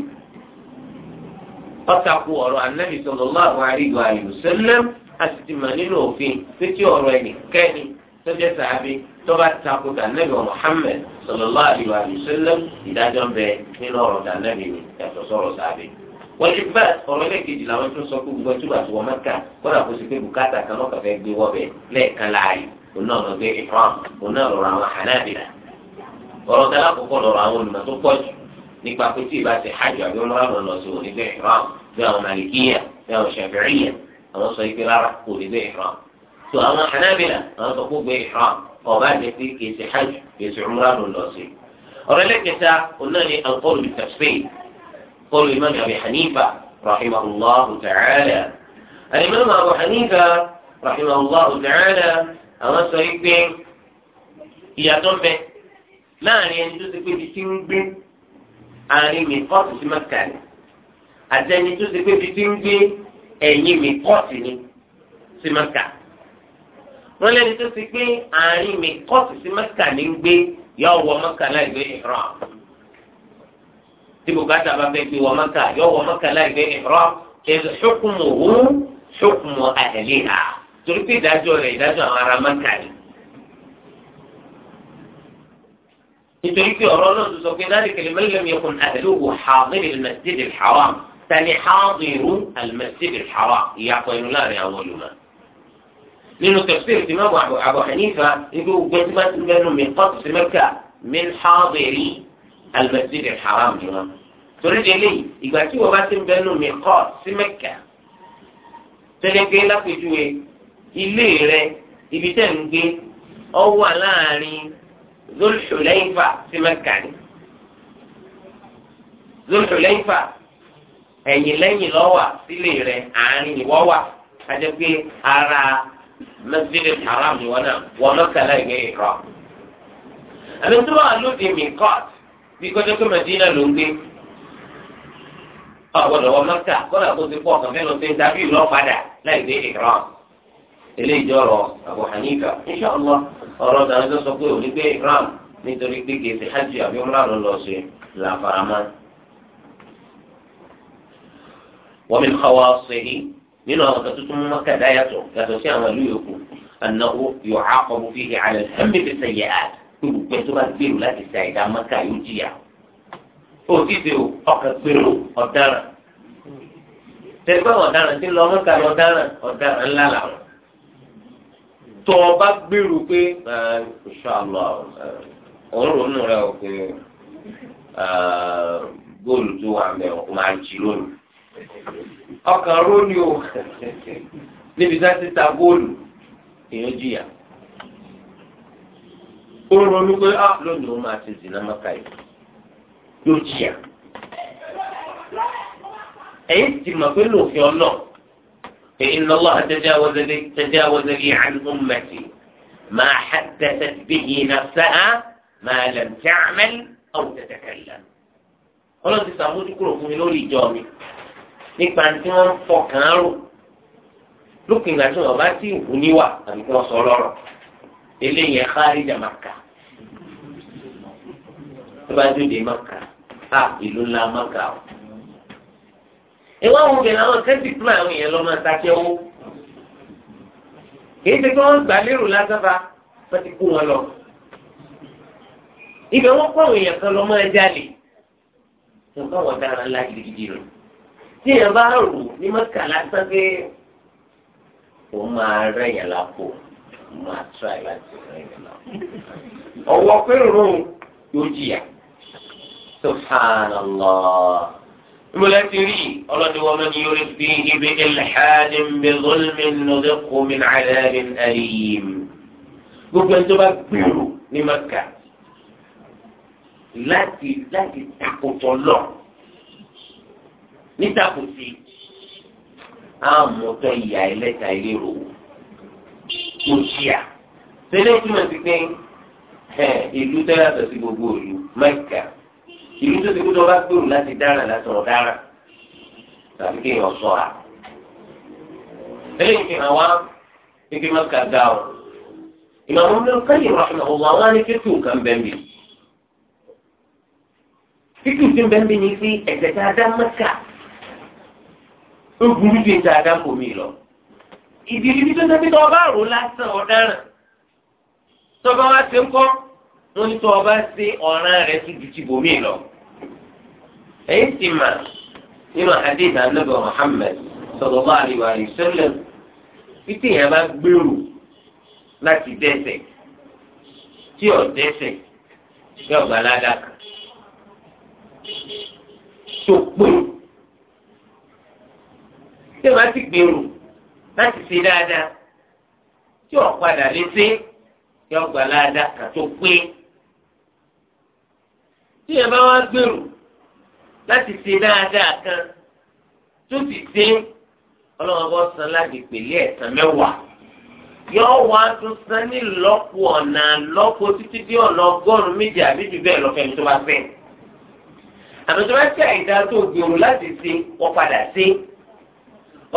ọ̀tàkù ọ̀rọ̀ anábì sallallahu alaihi wa sallam àti ti mà nínú òfin pé kí ọ̀rọ̀ ẹnìkẹ́ni sọ́jẹ́ sàábì tọ́ba takò dànẹ́bì Muhammad sallallahu alaihi wa sallam ìdájọ́ ń bẹ nínú ọ̀rọ̀ dànẹ́bì ni yàtọ̀ sọ̀rọ̀ sàábì wọ́n ti bá ọ̀rọ̀ lẹ́ẹ̀kejì làwọn tó sọ pé gbogbo ẹtúbà tó wọ́n mẹ́ta kọ́dà kó sì pé bùkátà kan lọ́kàfẹ́ gbé wọ́ bẹ̀ lẹ́ẹ̀kan láàyè òun náà gbẹgbẹ ìfọ̀n òun náà lọ́rọ̀ àwọn hànáàbìlà ọ̀rọ̀ tẹ́lá kọ́kọ́ lọ́rọ̀ àwọn olùmọ̀ tó pọ̀ jù nípa pé tí ìbá ti hajj àbí ọmọ rárá lọ sí òní gbẹ ìfọ̀n bí àwọn màlìkíyà bí àwọn ṣàfẹ̀ríyà àwọn sọ ìgbé rárá kò ní gbẹ ìfọ̀n tó àwọn hànáàbìlà àwọn sọ kó gbẹ ìfọ̀n ọba jẹ pé kì í ṣe hajj kì í ṣe ọmọ rárá lọ sí. ọ̀rọ̀ ẹlẹ́kẹta òun àwọn sọ yìí pé ìyàtọ̀ ń láàrin ẹni tó ti pé ibi tí ń gbé àárín mi kọ́ọ̀tù sí mẹ́ta ni àti ẹni tó ti pé ibi tí ń gbé ẹ̀yìn mi kọ́ọ̀tù ni sí mẹ́ta wọ́n lẹ́ni tó ti pé àárín mi kọ́ọ̀tù sí mẹ́ta ni ń gbé yọ wọ mẹ́ta láì gbé ìhrọ́m tí bùkátà bá fẹ́ gbé wọ mẹ́ta yọ wọ mẹ́ta láì gbé ìhrọ́m kí ẹ̀ ṣùkùmù hù ṣùkùmù àhẹ́lì hà. torí pé ìdájọ́ rẹ̀ ìdájọ́ àwọn ará mẹ́ta ni. nítorí pé ọ̀rọ̀ náà tó sọ pé náà nìkan lèmi lèmi yẹkùn àdéhùn xaadìrì masjid alḥaram tani xaadìrú almasjid alḥaram ìyàpọ̀ inú láàrin àwọn olùmọ̀. nínú tafsir tí máa bọ̀ ń hàmí rí Hanifa ibi ògbẹ́ tí máa ti mẹ́nu mi kọ́tù sí mẹ́ka min xaadìrì almasjid alḥaram ni wọn. torí délé ìgbà tí wọ́n bá ti mẹ́nu mi kọ́ xaadiri almasjid alharam mi mẹ́ka tẹ́lẹ̀ gbé lápẹ́júwe ilé rẹ ibi tẹ̀ ń gbé ọ wà láàrin zulhulayfa sí mẹ́kà ni zulhulayfa ẹ̀yìn lẹ́yìn lọ́wà sílé rẹ àárín ìwọ́ wà kájọ pé ara mẹ́sídẹ̀ẹ́ haram ni wọ́n náà wọ́n mọ́kànlá ìwé ìrọ̀ àmì tó wà lóde mikọ́t bí kọjá pé mẹ́dínà ló ń gbé ọ̀gbọ́dọ̀ wọ́n mọ́kà kọ́lá tó ti pọ̀ kàn fẹ́ lọ sí ìdábì lọ́ọ́ padà láì gbé ìrọ̀ eléyìí jọrọ Abu Hanifa inṣàlá ọ̀rọ̀ dàní tó sọ pé òní gbé ram nítorí pé kèsì hajj àbí umrah ló lọ sí làfàràmà. wa min khawasihi nínú àwọn kan tuntun mú Mákà dá yàtọ̀ yàtọ̀ sí àwọn ìlú yòókù annahu yu'aqabu fihi 'ala al-hammi bis-sayyi'at olùgbé tó bá gbèrò láti sa ìdá Mákà yóò jìyà òtítì ọkàn gbèrò ọ̀daràn tẹ̀gbọ́n ọ̀daràn tí lọ Mákà lọ́daràn ọ̀daràn ńlá làwọn tó o bá gbèrú pé inshallah òórùn nù rẹ o pé góòlù tó wà mẹ o máa jì lónìí ọkàn rónìí o [LAUGHS] níbi tá a ti ta góòlù èèyàn jìyà ó ronú pé á ah, lónìí ó máa ti zìnnà mọ́ka yìí yóò jìyà ẹ̀yìn ti mọ̀ pé lòfin ọ̀nà. فإن الله تجاوز لي, تجاوز لي عن أمتي ما حدثت به نفسها ما لم تعمل أو تتكلم ọlọ́run ti sàmójúkúrò fún mi lórí ìjọ mi nípa tí wọ́n ń fọkàn án rò lókè ìgbà tí wọ́n bá ti wù níwà àbí kí wọ́n sọ lọ́rọ̀ eléyìí ẹ̀ka àríjà màkà tó bá dúdé màkà á ah, ìlú ńlá màkà o ìwọ àwọn obìnrin àwọn kẹ́ntì fún àwọn èèyàn lọ́mọ ìtàkẹ́wó kìí ṣe pé wọ́n gbà lérò lásánfà wọ́n ti kó wọn lọ. ibẹ̀ wọ́n kọ́ àwọn èèyàn kan lọ́mọ ẹja lè nǹkan wọ̀ dára ńlá gidigidi rẹ̀ tí èèyàn bá rò ní mọ́kà lásán pé ó máa rẹ̀yìn lápò ó máa tíráì láti rẹ̀yìn lápò. ọ̀wọ́ pé rò yóò jìyà subhanallah ìmọ̀lẹ́ ti rí ọlọ́dún wọn ni yóò fi ibi ìlhàdì mbẹ́zọ́lmi nọ́dẹ́kù mi nàlẹ́rì àríyìm. gbogbo ẹni tó bá gbèrò ní maka láti láti takòtò lọ ní takòtì àmọ́tọ́ ìyá ẹlẹ́ta ìlérò kò ṣíà tẹ́lẹ̀ tí wọ́n ti pín ìlú tẹ́lẹ̀ àtọ̀sí gbogbo ìlú mẹ́kà ìlú tó ti kú tó bá gbèrú láti dára láti ọ̀rọ̀ dára tàbí kí èèyàn sọ̀ra. eléyìí fi hàn wá pípé má ka ga o ìmọ̀ràn mi ká yìí rọ̀ṣùn ọ̀wọ́ àwọn ní kékeré nǹkan bẹ́ẹ̀ mi. kíkì tí ń bẹ́ẹ̀ mi ní sí ẹ̀jẹ̀ tá a dá mẹ́ka ó burú ju ìta àdá kò mí lọ. ìdí ibi tó ń tẹ́tí tó ọba rò lásán ọ̀daràn tó bá wá ti ń kọ́. wọ́n ní ọba si ọ̀ràn rẹ̀ tún ju ti bòmí lọ. èyí sì mà nínú hadith anabi muhammed sallallahu alaihi wa sallam títí yẹn bá gbèrú láti tí ò tí tó pé tí ti gbèrú láti ṣe dáadáa tí ò padà lé sí tí ọ̀gbà ládàkà tó pé. tí yẹn bá wá gbèrò láti ṣe dáadáa kan tó sì ṣe ọlọ́wọ́n bọ́ san láti pèlè ẹ̀sán mẹ́wàá yọ wá tún san ní lọ́pọ̀ ọ̀nà lọ́pọ̀ títí dé ọ̀nà ọgọ́rùn-ún méjì àbí jù bẹ́ẹ̀ lọ́fẹ̀ẹ́ tó bá fẹ́ àmì tó bá ṣe àìdá tó gbèrò láti ṣe wọ́n padà ṣe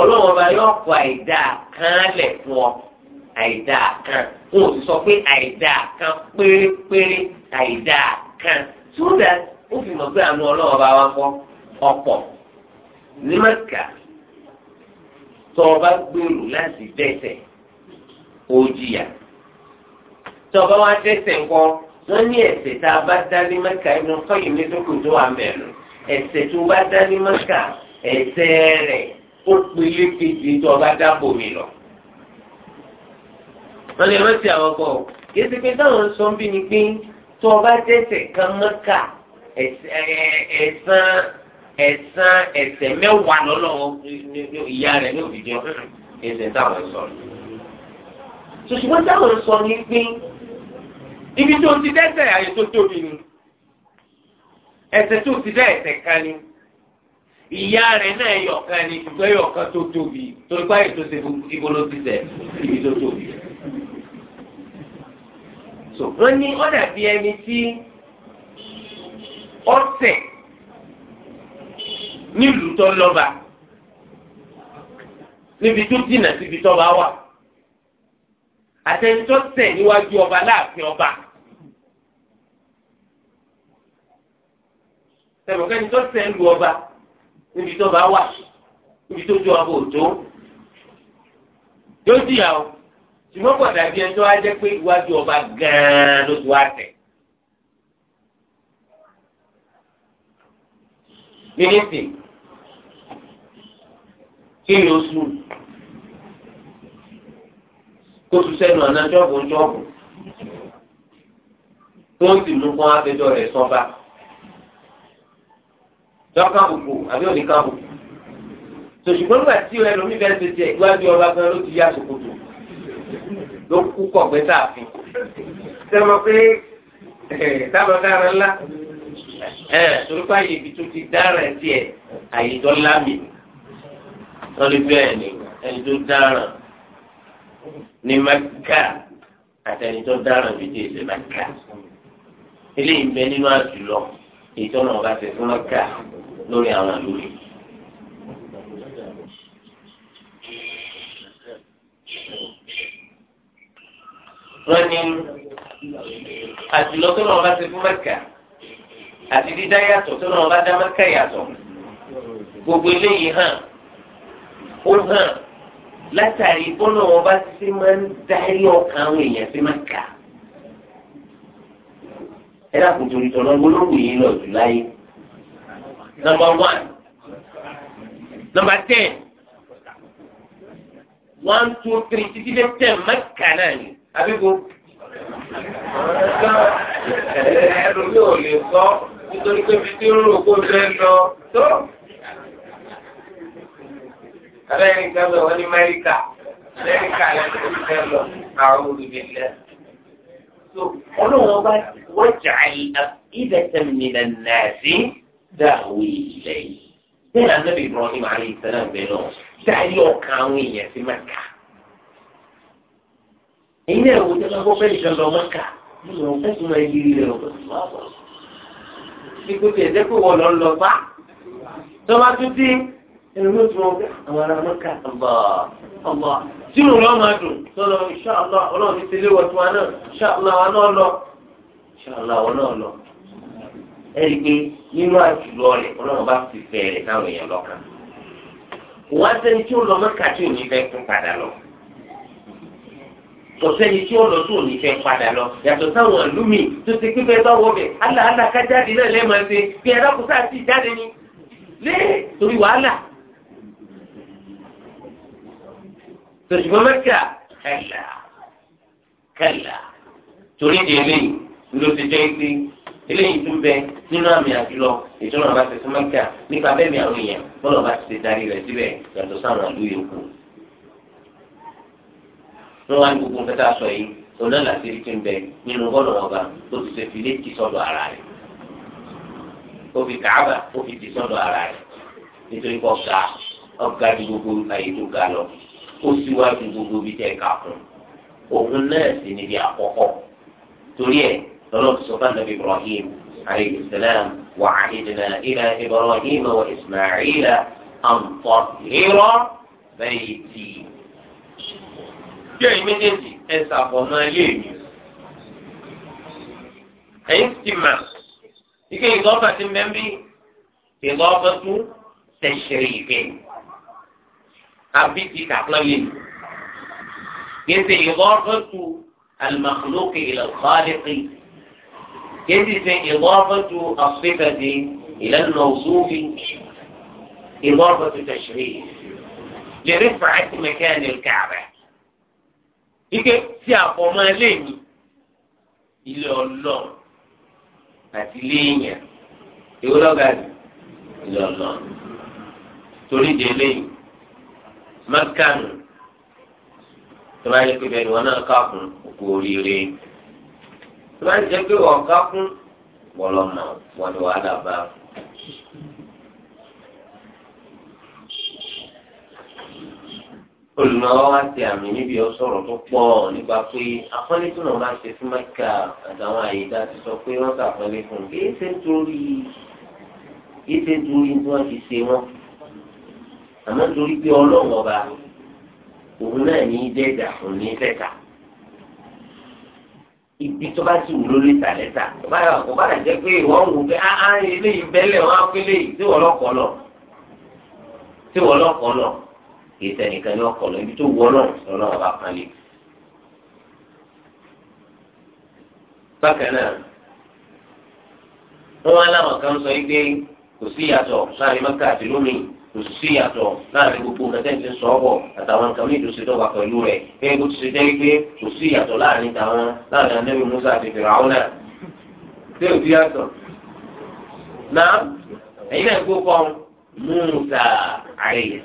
ọlọ́wọ́n bá yọ ọ̀pọ̀ àìdá kan lẹ̀ fún ọ àìdá kan wọn ò sọ pé àìdá kan pérépéré àìdá kan so that ó fi mọ̀ pé àánú ọlọ́wọ́ bá wa kọ́ ọ̀pọ̀ ní mẹ́kà tó o bá gbèrú láti dẹ́ṣẹ̀ ó jìyà tó o bá wá dẹ́ṣẹ̀ ńkọ́ wọ́n ní ẹ̀ṣẹ̀ tá a bá dá ní mẹ́kà inú fọ́yìn ní tókùn tó wà mẹ́rin ẹ̀ṣẹ̀ tó bá dá ní mẹ́kà ẹ̀ṣẹ̀ rẹ̀ ó pele kejì tó o bá dábò mi lọ. wọ́n lè rántí àwọn kọ́ kí ẹsẹ̀ pé táwọn sọ bí ni pín tó o bá tẹ̀sẹ̀ kan mọ́kà ẹ̀sán ẹ̀sán ẹ̀sẹ̀ mẹ́wàá lọ́lọ́wọ́ ìyá rẹ̀ ní òdìdí ẹ̀sẹ̀ táwọn sọ. ṣùṣùgbọ́n táwọn sọ ní pín ibi tó ti dẹ́ṣẹ̀ àyè tó tóbi ni ẹ̀ṣẹ̀ tó ti dẹ́ ẹ̀ṣẹ̀ kan ni ìyá rẹ̀ náà yọ̀kan ni ṣùgbọ́n yọ̀kan tó tóbi torí pé tó ṣe ibo ló ti ṣẹ̀ ibi tó tóbi so wọ́n ní ó dàbí ẹni tí ọ̀sẹ̀ nílùú tó lọ́ba níbi tó dínà síbi tó bá wà àtẹnudọ́sẹ̀ níwájú ọba láàfin ọba. sẹ́wọ̀n kẹ́ni tó sẹ́ ń lu ọba níbi tó bá wà níbi tó ju ọba òjò yóò jìyà o ṣùgbọ́n kò dàbí ẹjọ́ á jẹ́ pé iwájú ọba gan-an ló ti wá tẹ̀. mínísì kí ni oṣù kó tu sẹ́nu ọ̀nà jọ́ọ̀bù jọ́ọ̀bù tó ń sì mú fún afẹ́jọ́ rẹ̀ sọ́ba dọ́kà bùkù àbí òníkà bùkù tòṣùgbọ́n nígbà tí ẹlòmíì bẹ́ẹ̀ ṣe tiẹ̀ iwájú ọba gan ló ti yá sòkòtò ló kú kọ̀gbẹ́ sáàfin sẹ́wọ́n pé sábà eh, dára ńlá ẹ̀ eh, torípa àyè ibi tó ti dára ẹ̀ tiẹ̀ àyè tó ńlá mi lórí bẹ́ẹ̀ ni ẹni tó dára ní mẹ́kà àti ẹni tó dára bíi ti ìṣe mẹ́kà eléyìí ń bẹ nínú àjùlọ èyí tó náà bá ti fún mẹ́kà lórí àwọn àlùyìn. wọ́n ní àtìlọ́ tó lọ́wọ́ bá ti fún mẹ́kà àti dídá yàtọ̀ tó lọ́wọ́ bá dá mẹ́kà yàtọ̀ gbogbo eléyìí hàn ó hàn látàrí bọ́lá wọn bá ti máa ń darí ọkàn àwọn èèyàn sí mẹ́kà ẹ dàpọ̀ torí tọ̀nà gbólóhùn yìí lọ jù láyé number one number ten one two three títí dé ten mẹ́kà náà ni àbíkú. ẹ̀rù yóò lè sọ nítorí pé fi tí ń rò kó fẹ́ lọ tó. Abẹ́rẹ́ ìgbà bẹ̀ wọ́n ní Mẹ́ríkà. Mẹ́ríkà lẹ́nu tó fẹ́ lọ àwọn olùdílẹ̀. So ọlọ́run bá wọ́jà ìdẹ́tẹ̀ mìíràn náà sí dàwí ilẹ̀ yìí. Bẹ́ẹ̀ ni Anábì Ibrahim Alayhi Salaam bẹ́ẹ̀ náà, dáyọ̀ kan àwọn èèyàn sí Mẹ́ka èyí náà wò ó tẹ́lẹ̀ kó bẹ́ẹ̀ nìkan lọ mọ́kà nínú ọ̀fẹ́ tó máa yiri rẹ̀ ọ̀fẹ́ tó máa bọ̀. Ikú ti ẹ̀jẹ̀ pé wọ́n lọ ń lọ bá. Tọ́ba tún dín ẹnu ló tún wọn bẹ́ àwọn ará mọ́kà ọ̀bọ̀ ọ̀bọ̀. Tí mo lọ́ máa dùn sọ́nà ìṣàlọ́ ọlọ́run ti tẹ́lẹ̀ wọ̀ tiwa náà ìṣàlọ́ àwọn náà lọ. ìṣàlọ́ àwọn náà lọ. Ẹ rí i pé nínú àjùlọ rẹ̀ ọlọ́run bá fi fẹ́ rẹ̀ èèyàn lọ́kàn. Wọ́n á sọ̀sẹ́ni tí ó lọ tó ní fẹ́ padà lọ yàtọ̀ sáwọn ìlú tó ti pípẹ́ sọ́wọ́ bẹ̀ allah allah ká jáde náà lẹ́ẹ̀ ṣe bí ẹ̀rọ kò sáà sì jáde ni lé torí wàhálà. tòṣùgbọ́n mẹ́ta kẹlà kẹlà torí di eléyìí ló ti jẹ́ pé eléyìí tún bẹ nínú àmì àjùlọ ìtura bá ti fún mẹ́ta nípa bẹ́ẹ̀ mi àwọn èèyàn bọ́lọ̀ bá ti darí rẹ̀ síbẹ̀ yàtọ̀ sáwọn ìlú yòókù ní wọn gbogbo nǹkan tá a sọ yìí òun náà láti rí kí n bẹ nínú ọlọ ọba tó ti ṣe fi létí sọ́dọ̀ ara rẹ̀ ó fi kàába ó fi ti sọ́dọ̀ ara rẹ̀ nítorí kọ ga ọgá ju gbogbo ayé tó ga lọ ó síwájú gbogbo bí tẹ ká kún òun náà sì níbi àkọ́kọ́ torí ẹ lọ́nà tó sọ fún anabi Ibrahim alayhi salam wa ahidna ila Ibrahim wa Ismaila an tahira bayti tí ẹ̀yin méjèèjì ẹ ṣàfọ̀mọ́ ilé mi ẹ̀yin ti mà ike ìdọ́gba ti mẹ́bí ìdọ́gba tó tẹ̀sẹ̀rì ìgbẹ́ àbí ti kàkọ́ yé mi yẹtẹ ìdọ́gba tó alimakuloke ìlọ́kọ́lẹ́kì yẹtẹ ìsẹ ìdọ́gba tó asọ́fẹ́fẹ́ ìlànà òṣùwì ìdọ́gba tó tẹ̀sẹ̀rì لرفعة مكان الكعبة ike tí àfọmọ́ ẹlẹ́yìn ilé ọlọ́run àti ilé èèyàn èwo lọ́gà ni ilé ọlọ́run torí di eléyìí mákànù tó bá yẹ pé bẹ́ẹ̀ ni wọ́n náà ká kún òkú oríire tó bá yẹ pé wọ́n ká kún wọ́n lọ́mọ wọn ni wàhálà bá olùmọ̀wá wá ti àmì níbi ó sọ̀rọ̀ tó pọ̀ nípa pé àpọ́nlé tó náà máa ṣe fún mẹ́kà àtàwọn àyíká ti sọ pé wọ́n ṣàpọ́nlé fún un kì í ṣe nítorí kì í ṣe nítorí tí wọ́n ti ṣe wọ́n àmọ́ torí pé ọlọ́run ọba òun náà ní dẹ́ẹ̀dà òun ní fẹ́ta ibi tó bá ti wù ló lè kò bá jẹ́ pé wọ́n wù pé áá eléyìí bẹ́lẹ̀ wọ́n á pélé yìí lọ́kọ̀ọ́ kìí sẹ́nìkan ní ọkọ̀ lọ ibi tó wọ ọlọ́run sọ náà bá kan lé. bákan náà wọ́n wá láwọn kan sọ pé kò sí ìyàtọ̀ láàrin mọ́kà àti lómi kò sí ìyàtọ̀ láàrin gbogbo kẹtẹ́ǹtì sọ ọ̀bọ̀ àtàwọn nǹkan ní ìdòsí dọ́gba pẹ̀lú rẹ̀ bẹ́ẹ̀ bó ti ṣe jẹ́ pé kò sí ìyàtọ̀ láàrin tàwọn láàrin anẹ́bí Musa àti Fìràwọ́n ṣé ò sí ìyàtọ̀ náà ẹ̀yin náà gbó Musa alayhi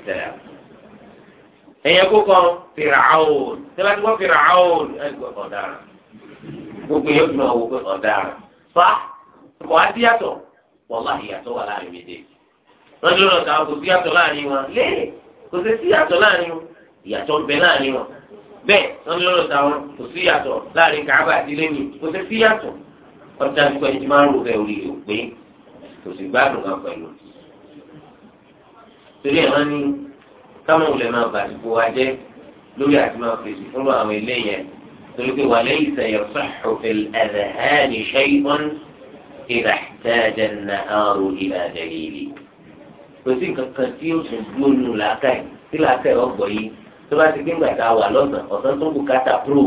ẹ̀yẹn kó kan fìràhùn tẹ́lá tí wọ́n fìràhùn ẹ̀gbọ́n ọ̀daràn gbogbo yóò tún ọ̀wọ́ pé ọ̀daràn fa kò á díyàtọ̀ wọ́lá ìyàtọ̀ wà láàrin méjèèjì wọ́n dúró lọ́ta kò síyàtọ̀ láàrin wọn lé kò sí síyàtọ̀ láàrin wọn ìyàtọ̀ ń bẹ láàrin wọn bẹ́ẹ̀ wọ́n dúró lọ́ta wọn kò síyàtọ̀ láàrin kàába àti lẹ́yìn kò sí síyàtọ̀ ọjà nípa ẹni tí máa ń rò bẹ́ẹ̀ orí òpin kò sì gbádùn kan pẹ̀lú torí ẹ̀ wọ́n ní táwọn olè máa bà ìbò wa jẹ́ lórí àti máa fèsì fún àwọn ilé yẹn torí pé wà lẹ́yìn ìsẹ̀yọ̀ sàhùfẹ̀l ẹ̀dẹ̀hẹ́ni ṣẹ́yìn ìrà tẹ́ẹ̀dẹ̀ nàárò ìlà dẹ̀lẹ́lì. kò sí nǹkan kan tí ó sùn dúró nù làákàyè tí làákàyè ọgbọ̀ yìí tó bá ti gbé ńgbà tá a wà lọ́sàn ọ̀sán tó kù káta pro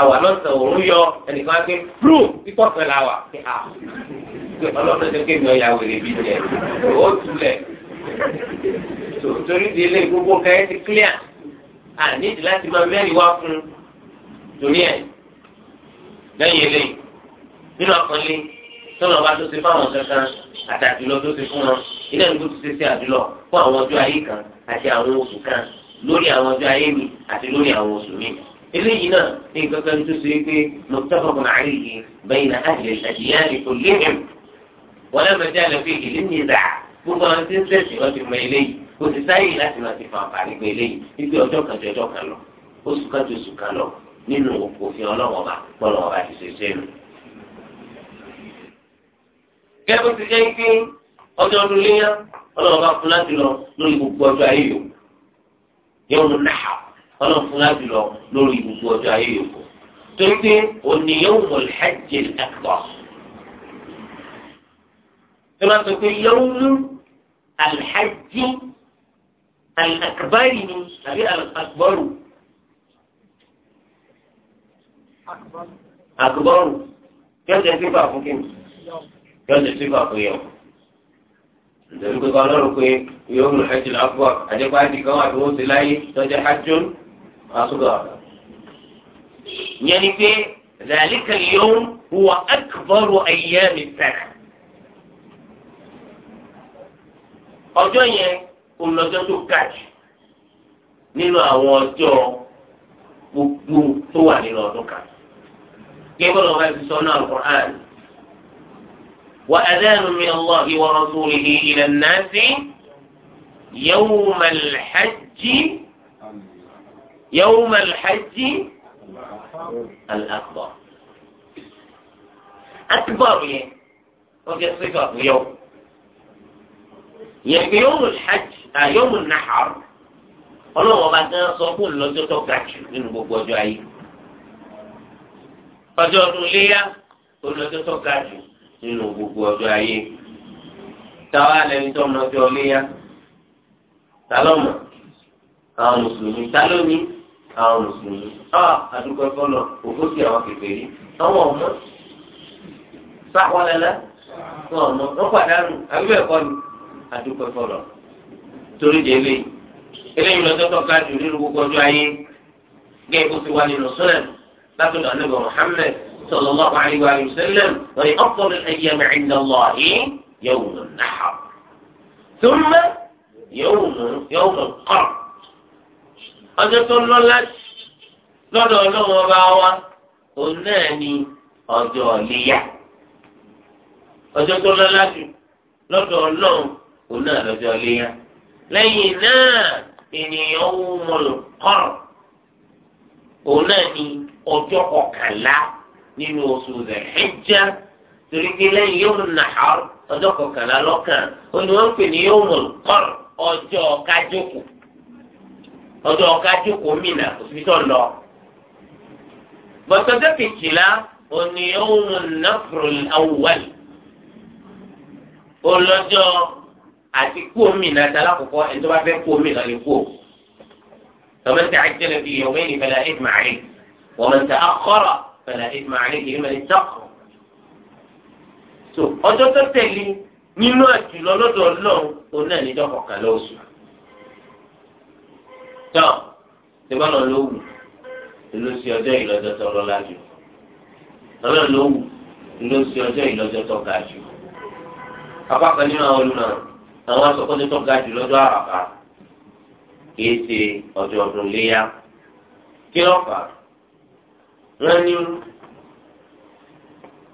a wà lọ́sàn òórùn yọ ẹnìkan á pé pro pípọ̀ kan la wà ah. ọlọ́run ṣe kéwì ọ̀yà wèrè bíi jẹ [LAUGHS] torí di ilé gbogbo kẹ́yẹ́ ti clear àníjì láti máa mẹ́rin wá fún un torí ẹ̀ lẹ́yìn ilé nínú àkànlé tọ́lọ̀ bá tó ṣe fáwọn kankan àtàdúlọ tó ṣe fún wọn ilé ìlú tó ṣe ṣe àdúlọ fún àwọn ọjọ́ ayé kan àti àwọn oṣù kan lórí àwọn ọjọ́ ayé mi àti lórí àwọn oṣù mi eléyìí náà ní kankan tó ṣe pé mọ̀tàfọ̀kùn àárín yìí bẹ́yìn náà àjẹ̀lẹ̀ àjẹ̀yà àdìpọ̀ lẹ́yìn wọlé mẹ́tẹ́ gbogbo àwọn tí ń sẹ̀sì wọn ti mọ eléyìí kò sì sáyè láti máa ti fa àǹfààní gbé eléyìí wípé ọjọ́ kan ju ọjọ́ kan lọ oṣù kan ju oṣù kan lọ nínú òfin ọlọ́wọ́n bá gbọ́dọ̀ wọ́n bá ti ṣe sẹ́nu. gẹ́gẹ́ bó ti jẹ́ pé ọjọ́ ọdún léyà ọlọ́wọ́n bá fún láti lọ lórí gbogbo ọjọ́ ayé yòó yóò mú náà ọlọ́wọ́n fún láti lọ lórí gbogbo ọjọ́ ayé yòó torí pé òní yóò mọ̀ كما إيه؟ يوم الحج الأكبر من سبيع الأكبر أكبر كم تحفيفة ممكن كم تحفيفة في يوم لذلك قال ركوي يوم الحج الأكبر أجب أن تكون أكبر سلاي تجي حج أصدر يعني في ذلك اليوم هو أكبر أيام الفخر ọjọ́ yẹn olùlọ́jọ́ tó ga jù nínú àwọn ọjọ́ gbogbo tó wà nínú ọdún kan. gẹ́gẹ́ lọ́wọ́ ẹ ti sọ náà Al-Qur'an وأذان من الله ورسوله إلى الناس يوم الحج يوم الحج الأكبر أكبر يعني وجه صفة يوم yẹn pé yóò mú hajj yóò mú nahar ọlọ́run ọba gan sọ fún ìlọ́jọ́ tó ga jù nínú gbogbo ọjọ́ ayé ọjọ́ ọdún léyà olùlọ́jọ́ tó ga jù nínú gbogbo ọjọ́ ayé táwa lẹni tó mọ ọjọ́ léyà tálọ́mọ̀ àwọn mùsùlùmí tálọ́mí àwọn mùsùlùmí ọ àdúgbò ẹ̀kọ́ lọ ògbóṣì àwọn kékeré àwọn ọmọ sáwọn lẹ́lẹ́ wọn ọmọ wọn pàdánù ni adúpẹ́ fọlọ́ torí de eléyìí eléyìí lọ sọ́tọ̀ káàdì nínú gbogbo ọjọ́ ayé gé kó ti wá nínú sunan látọ̀dọ̀ ànábì Muhammad sallallahu alaihi wa sallam wa ni afdal al-ayyam 'inda Allahi yawm an-nahr thumma yawm yawm al-qarn ọjọ́ tó lọ́lá lọ́dọ̀ ọlọ́wọ́ bá wa òun náà ni ọjọ́ ìléyá ọjọ́ tó lọ́lá jù lọ́dọ̀ ọlọ́run òun náà lọ́jọ́ léyà lẹ́yìn náà ènìyàn wù mọ̀lù kọ́rọ̀ òun náà ni ọjọ́ kọkànlá nínú oṣù rẹ̀ ẹ̀já torí pé lẹ́yìn yóò nà á ọjọ́ kọkànlá lọ́kàn òun wọ́n pè ní yóò mọ̀lù kọ́rọ̀ ọjọ́ kájókòó ọjọ́ kájókòó mìíràn òfìtọ́ lọ. bọ̀sọ̀tẹ́ kejìlá òní yóò mọ̀lù náà fúrò awùwàlì ọlọ́jọ́ àti kú omi náà dá lákòókò ẹni tó bá fẹ́ kú omi náà lè kú o. tọ́mọ̀ tí a jẹ́lẹ̀ fi yẹ̀wé ni fẹlẹ̀ ẹ̀ máa rí wọ́n mọ̀ tí a kọ́rọ̀ fẹlẹ̀ ẹ̀ máa rí kì í mẹ́lẹ̀ tọ́kù. so ọjọ́ tó tẹ̀lé nínú àjùlọ lọ́dọ̀ ọlọ́run òun náà ní dọ́kọ̀ kan lóṣù. tọ́ tẹ́gbọ́n ló wù ló sí ọjọ́ ìlọ́jọ́ tó lọ́lá jù lọ́lọ́ ló wù ló sí ọjọ́ ìlọ́jọ́ àwọn asọ́kọ́ni tó ga jù lọ́jọ́ àràfà kìí ṣe ọjọ́ ọdún léyà kí ló fà wọ́n ní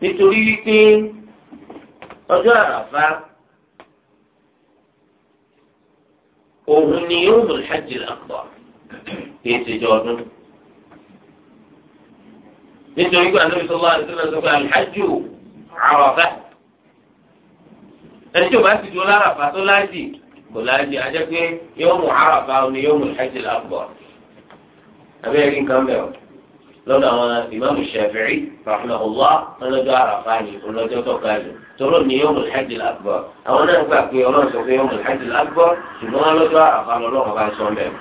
nítorí wípé ọjọ́ àràfà òun ni yóò mú hajjil akbar kìí ṣe jọ ọdún nítorí pé ẹni tí o bá sì dúró láràfà tó láàjì kò láàjì ajẹ́ pé yóò mú àràfà ni yóò mú hajj làbọ̀ abẹ́rẹ́ nǹkan bẹ̀rẹ̀ lọ́dọ̀ àwọn ìmáàmù Shafi'i rahimahullah ọlọ́jọ́ àràfà ni ọlọ́jọ́ tó ga jù tọ́lọ́ ni yóò mú hajj làbọ̀ àwọn náà gbà pé ọlọ́run sọ pé yóò mú hajj làbọ̀ ṣùgbọ́n ọlọ́jọ́ àràfà lọ́lọ́run bá sọ mẹ́rin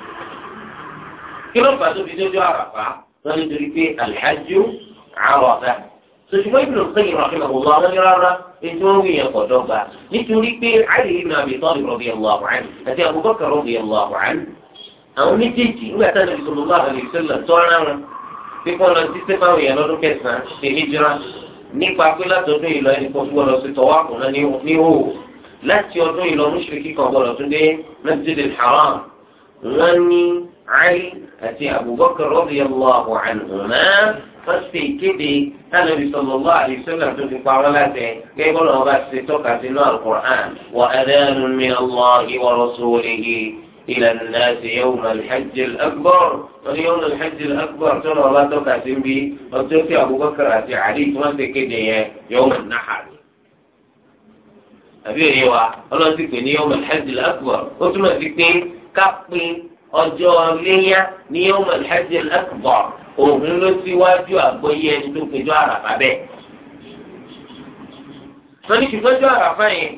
kí ló fà tóbi dójú àràfà lọ́nà torí sọ̀tùmọ́ Ibn al-Qayyim rahimahullah wọn ní rárá ètò wọn wíyẹn kọ̀ dọ́gba nítorí pé Ali ibn Abi Talib radiyallahu anhu àti Abubakar radiyallahu anhu àwọn méjèèjì nígbà tá a lè sọ̀rọ̀ lọ́wọ́ àlè ìṣẹ̀lẹ̀ tó ara wọn bí lọ sí sẹ́fàwì yẹn lọ́dún kẹsàn-án ṣe hijira nípa pé látọdún ìlọ ẹni kan fún ọlọ́sí tọ́wọ́ ní hó láti ọdún ìlọ mùsùlùmí kan gbọ́dọ̀ tún dé Masjid haram wọn ní Ali àti Abubakar radiyallahu anhuma wọ́n ṣe ìkéde Ànábì sallallahu alaihi wasallam tó fi pa wọ́n láti gẹ́gẹ́ bọ́lá wọn bá ṣe tọ́ka sínú al-Qur'an wa adhanun min Allahi wa rasulihi إلى الناس يوم الحج الأكبر واليوم الحج الأكبر ترى لا تقاسم به وتوفي أبو بكر أتي علي تمسك يوم النحر àbí òye wa ọlọ́run ti pè ní yọ́mọ̀ ìhẹ́jì lẹ́kùbọ̀ ó túmọ̀ sí pé ká pin ọjọ́ léyà ní yọ́mọ̀ ìhẹ́jì lẹ́kùbọ̀ òun ló síwájú àgbọ́yé ẹni tó péjọ àràfà bẹ́ẹ̀. àràfà yẹn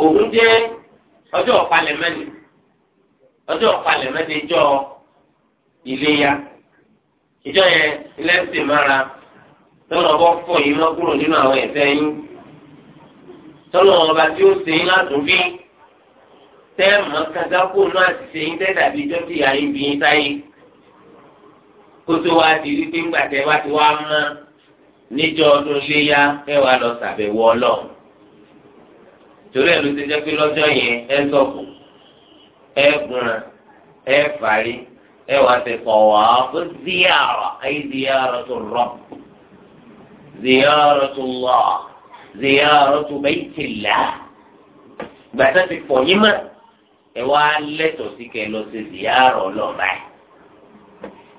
òun jẹ́ ọjọ́ ọ̀pálẹ̀mẹ́ni ọjọ́ ọ̀pálẹ̀mẹ́ni jọ ìléya ìjọ yẹn lẹ́sìn mára tọ́lọ̀ bọ́ nínú àwọn kótó wa ti rí pé ńgbà tẹ wá ti wá mọ níjọ ọdún léyà ẹ wà lọ sàbẹ̀wò Ọlọ́run torí ẹ ló ti jẹ́ pé lọ́jọ́ yẹn ẹ sọ̀kù ẹ gbọ́nra ẹ fàárí ẹ wà ti kọ̀ wá fún ziyara ayé ziyara tó rọ ziyara tó lọ ziyara tó bẹ́ẹ̀ ti là gbàtà ti pọ̀ yín mọ́ ẹ wá lẹ́tọ̀ọ́ sí kẹ lọ sí ziyara ọlọ́ọ̀bá yìí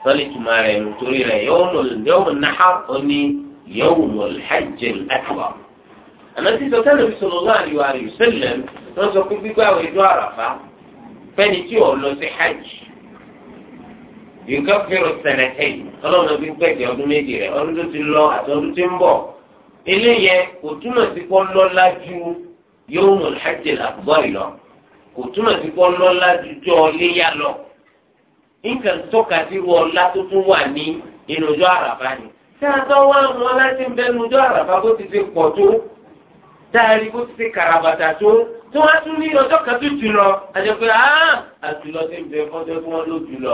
sọ́lé tuma rẹ̀ nítorí rẹ̀ yawm an-nahar ó ní yawm al-hajj al-akbar. ànàtí sọ sẹ́lẹ̀ fi sallallahu alaihi wa sallam wọ́n sọ pé gbígbà wọ ijó àràfà fẹ́ni tí ò lọ sí hajj. yòókà fẹ́ràn sẹ̀nẹ̀tẹ̀yì ọlọ́run fi ń pẹ̀jẹ̀ ọdún méjì rẹ̀ ọdún tó ti lọ àti ọdún tó ń bọ̀. eléyẹ kò túmọ̀ sí kọ́ lọ́lá ju yawm hajj al-akbar lọ kò túmọ̀ sí kọ́ lọ́lá ju jọ́ léyà lọ nǹkan tọ́ka sí wọ ọlá tó tún wà ní inú ọjọ́ àràbá ni tí a tọ́ wá àwọn ọlá tí ń bẹ nu ọjọ́ àràbá bó ti ṣe pọ̀ tó táàrí bó ti ṣe kàràbàtà tó tí wọ́n tún ní ọjọ́ kan tó jù lọ àjẹpẹ́ àtúlọ tí ń bẹ fọ́jọ́ tí wọ́n ló jù lọ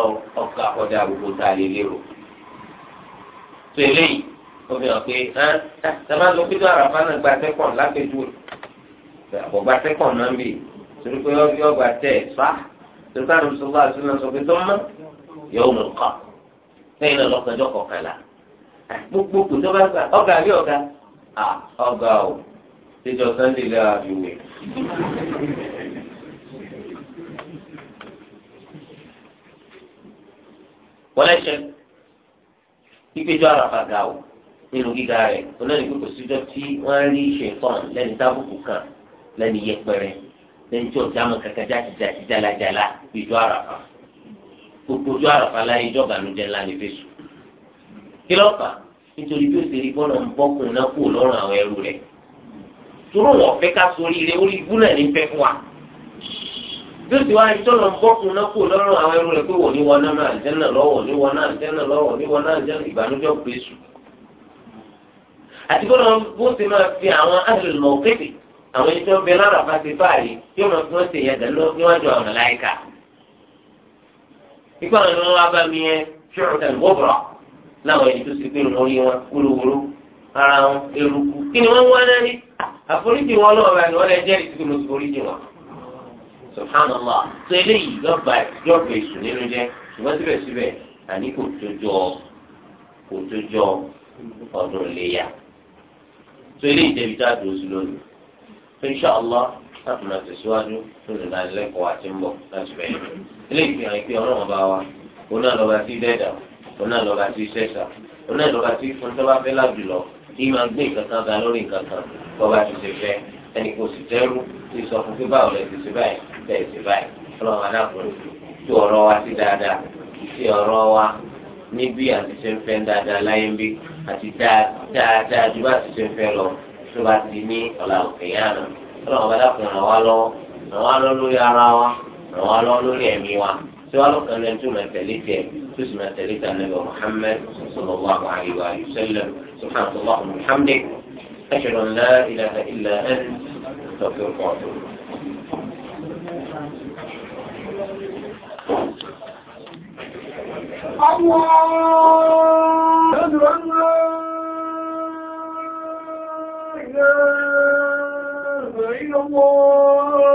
gbogbo tá a lè lérò. tó eléyìí ó fi hàn pé sábà lọ pé àràbá náà gba sẹ́kọ̀n lápẹ́jù àbọ̀gbà sẹ́kọ̀n náà ń bì torí pé ọgbà tẹ̀ sá torí pé yóò mú kàn lẹ́yìn náà lọ́kànjọ́ kọkànlá gbogbo kò tó bá gbà ọ̀gá àbí ọ̀gá ọ̀gá o tíjọ sunday lè àbí wẹ̀. wọlé ṣe ìgbẹ́jọ́ àràfà ga o nínú gíga rẹ̀ olórí kò síjọ́ tí wọ́n rí ṣèǹtàn lẹ́ni tábùkù kan lẹ́ni yẹpẹrẹ lẹ́ni tí ọ̀dà mọ̀ kankan jáde jáde jálajàla ìjọ gbogbo ojú àràfàlà ìjọba ló jẹ ńlá níbi sùn kí ló fà nítorí bí ó ṣe rí bọ́ọ̀lù ń bọ́kùn náà kú lọ́rùn àwọn ẹrú rẹ̀ tóró wọn fẹ́ ká sórí ilé orí ibú náà ní fẹ́ fún wa bí ó ti wá ẹjọ́ lọ ń bọ́kùn náà kú lọ́rùn àwọn ẹrú rẹ̀ pé wọ́n ní wọn náà àlùjẹ́nà lọ́wọ́ ní wọn náà àlùjẹ́nà lọ́wọ́ ní wọn náà àlùjẹ́nà ìbànújẹ́ òkú èṣù àti bọ́ọ̀lù bó ti máa fi àwọn àlùmọ̀ọ́kẹ́tì àwọn ikú àwọn ìlú wa bá mi yẹn ṣùgbọ́n wọ́pọ̀rọ̀ láwọn ẹni tó ti pé lórí wọn wúlúwúlú ara wọn eruku kí ni wọ́n wá náà ní àforíjì wọn lọ́wọ́ báyìí wọ́n lè jẹ́rìí sí pé mo ti foríjì wọn. subhanallah tó eléyìí lọ́ba ìjọba èṣù nínú jẹ́ ṣùgbọ́n síbẹ̀síbẹ̀ àní kò tó jọ kò tó ọdún léyà tó eléyìí jẹ́bi tá a dùn lónìí láti máa tẹ̀síwájú nínú ìdánilẹ́kọ̀ọ́ àti ń bọ̀ láti bẹ̀rẹ̀. eléyìí fi hàn pé ọlọ́run bá wa òun náà lọ́ba tí dẹ́dà òun náà lọ́ba tí sẹ́sà òun náà lọ́ba tí fún tó bá fẹ́ lábìlọ kí máa gbé nǹkan kan ga lórí nǹkan kan bọ́ba ti ṣe fẹ́ ẹnì kò sì tẹ́rù ti sọ fún pé báwo lẹ ti ṣe báyìí bẹ́ẹ̀ ṣe báyìí ọlọ́run adáàbò tó ọ̀rọ̀ wa sí dáadáa sí ọlọ́run bá dákun ràn wá lọ́wọ́ ràn wá lọ́wọ́ lórí ara wa ràn wá lọ́wọ́ lórí ẹ̀mí wa tí wàá lọ́kàn lẹ́nu tó máa tẹ̀lé tiẹ̀ tó sì máa tẹ̀lé tà nàbẹ̀ Muhammad sallallahu alayhi wa sallam subhanahu wa ta'ala alhamdulilayi ashhadu an la ilaha illa anta astaghfiruka wa atubu ilayk. الله أكبر الله إلى الله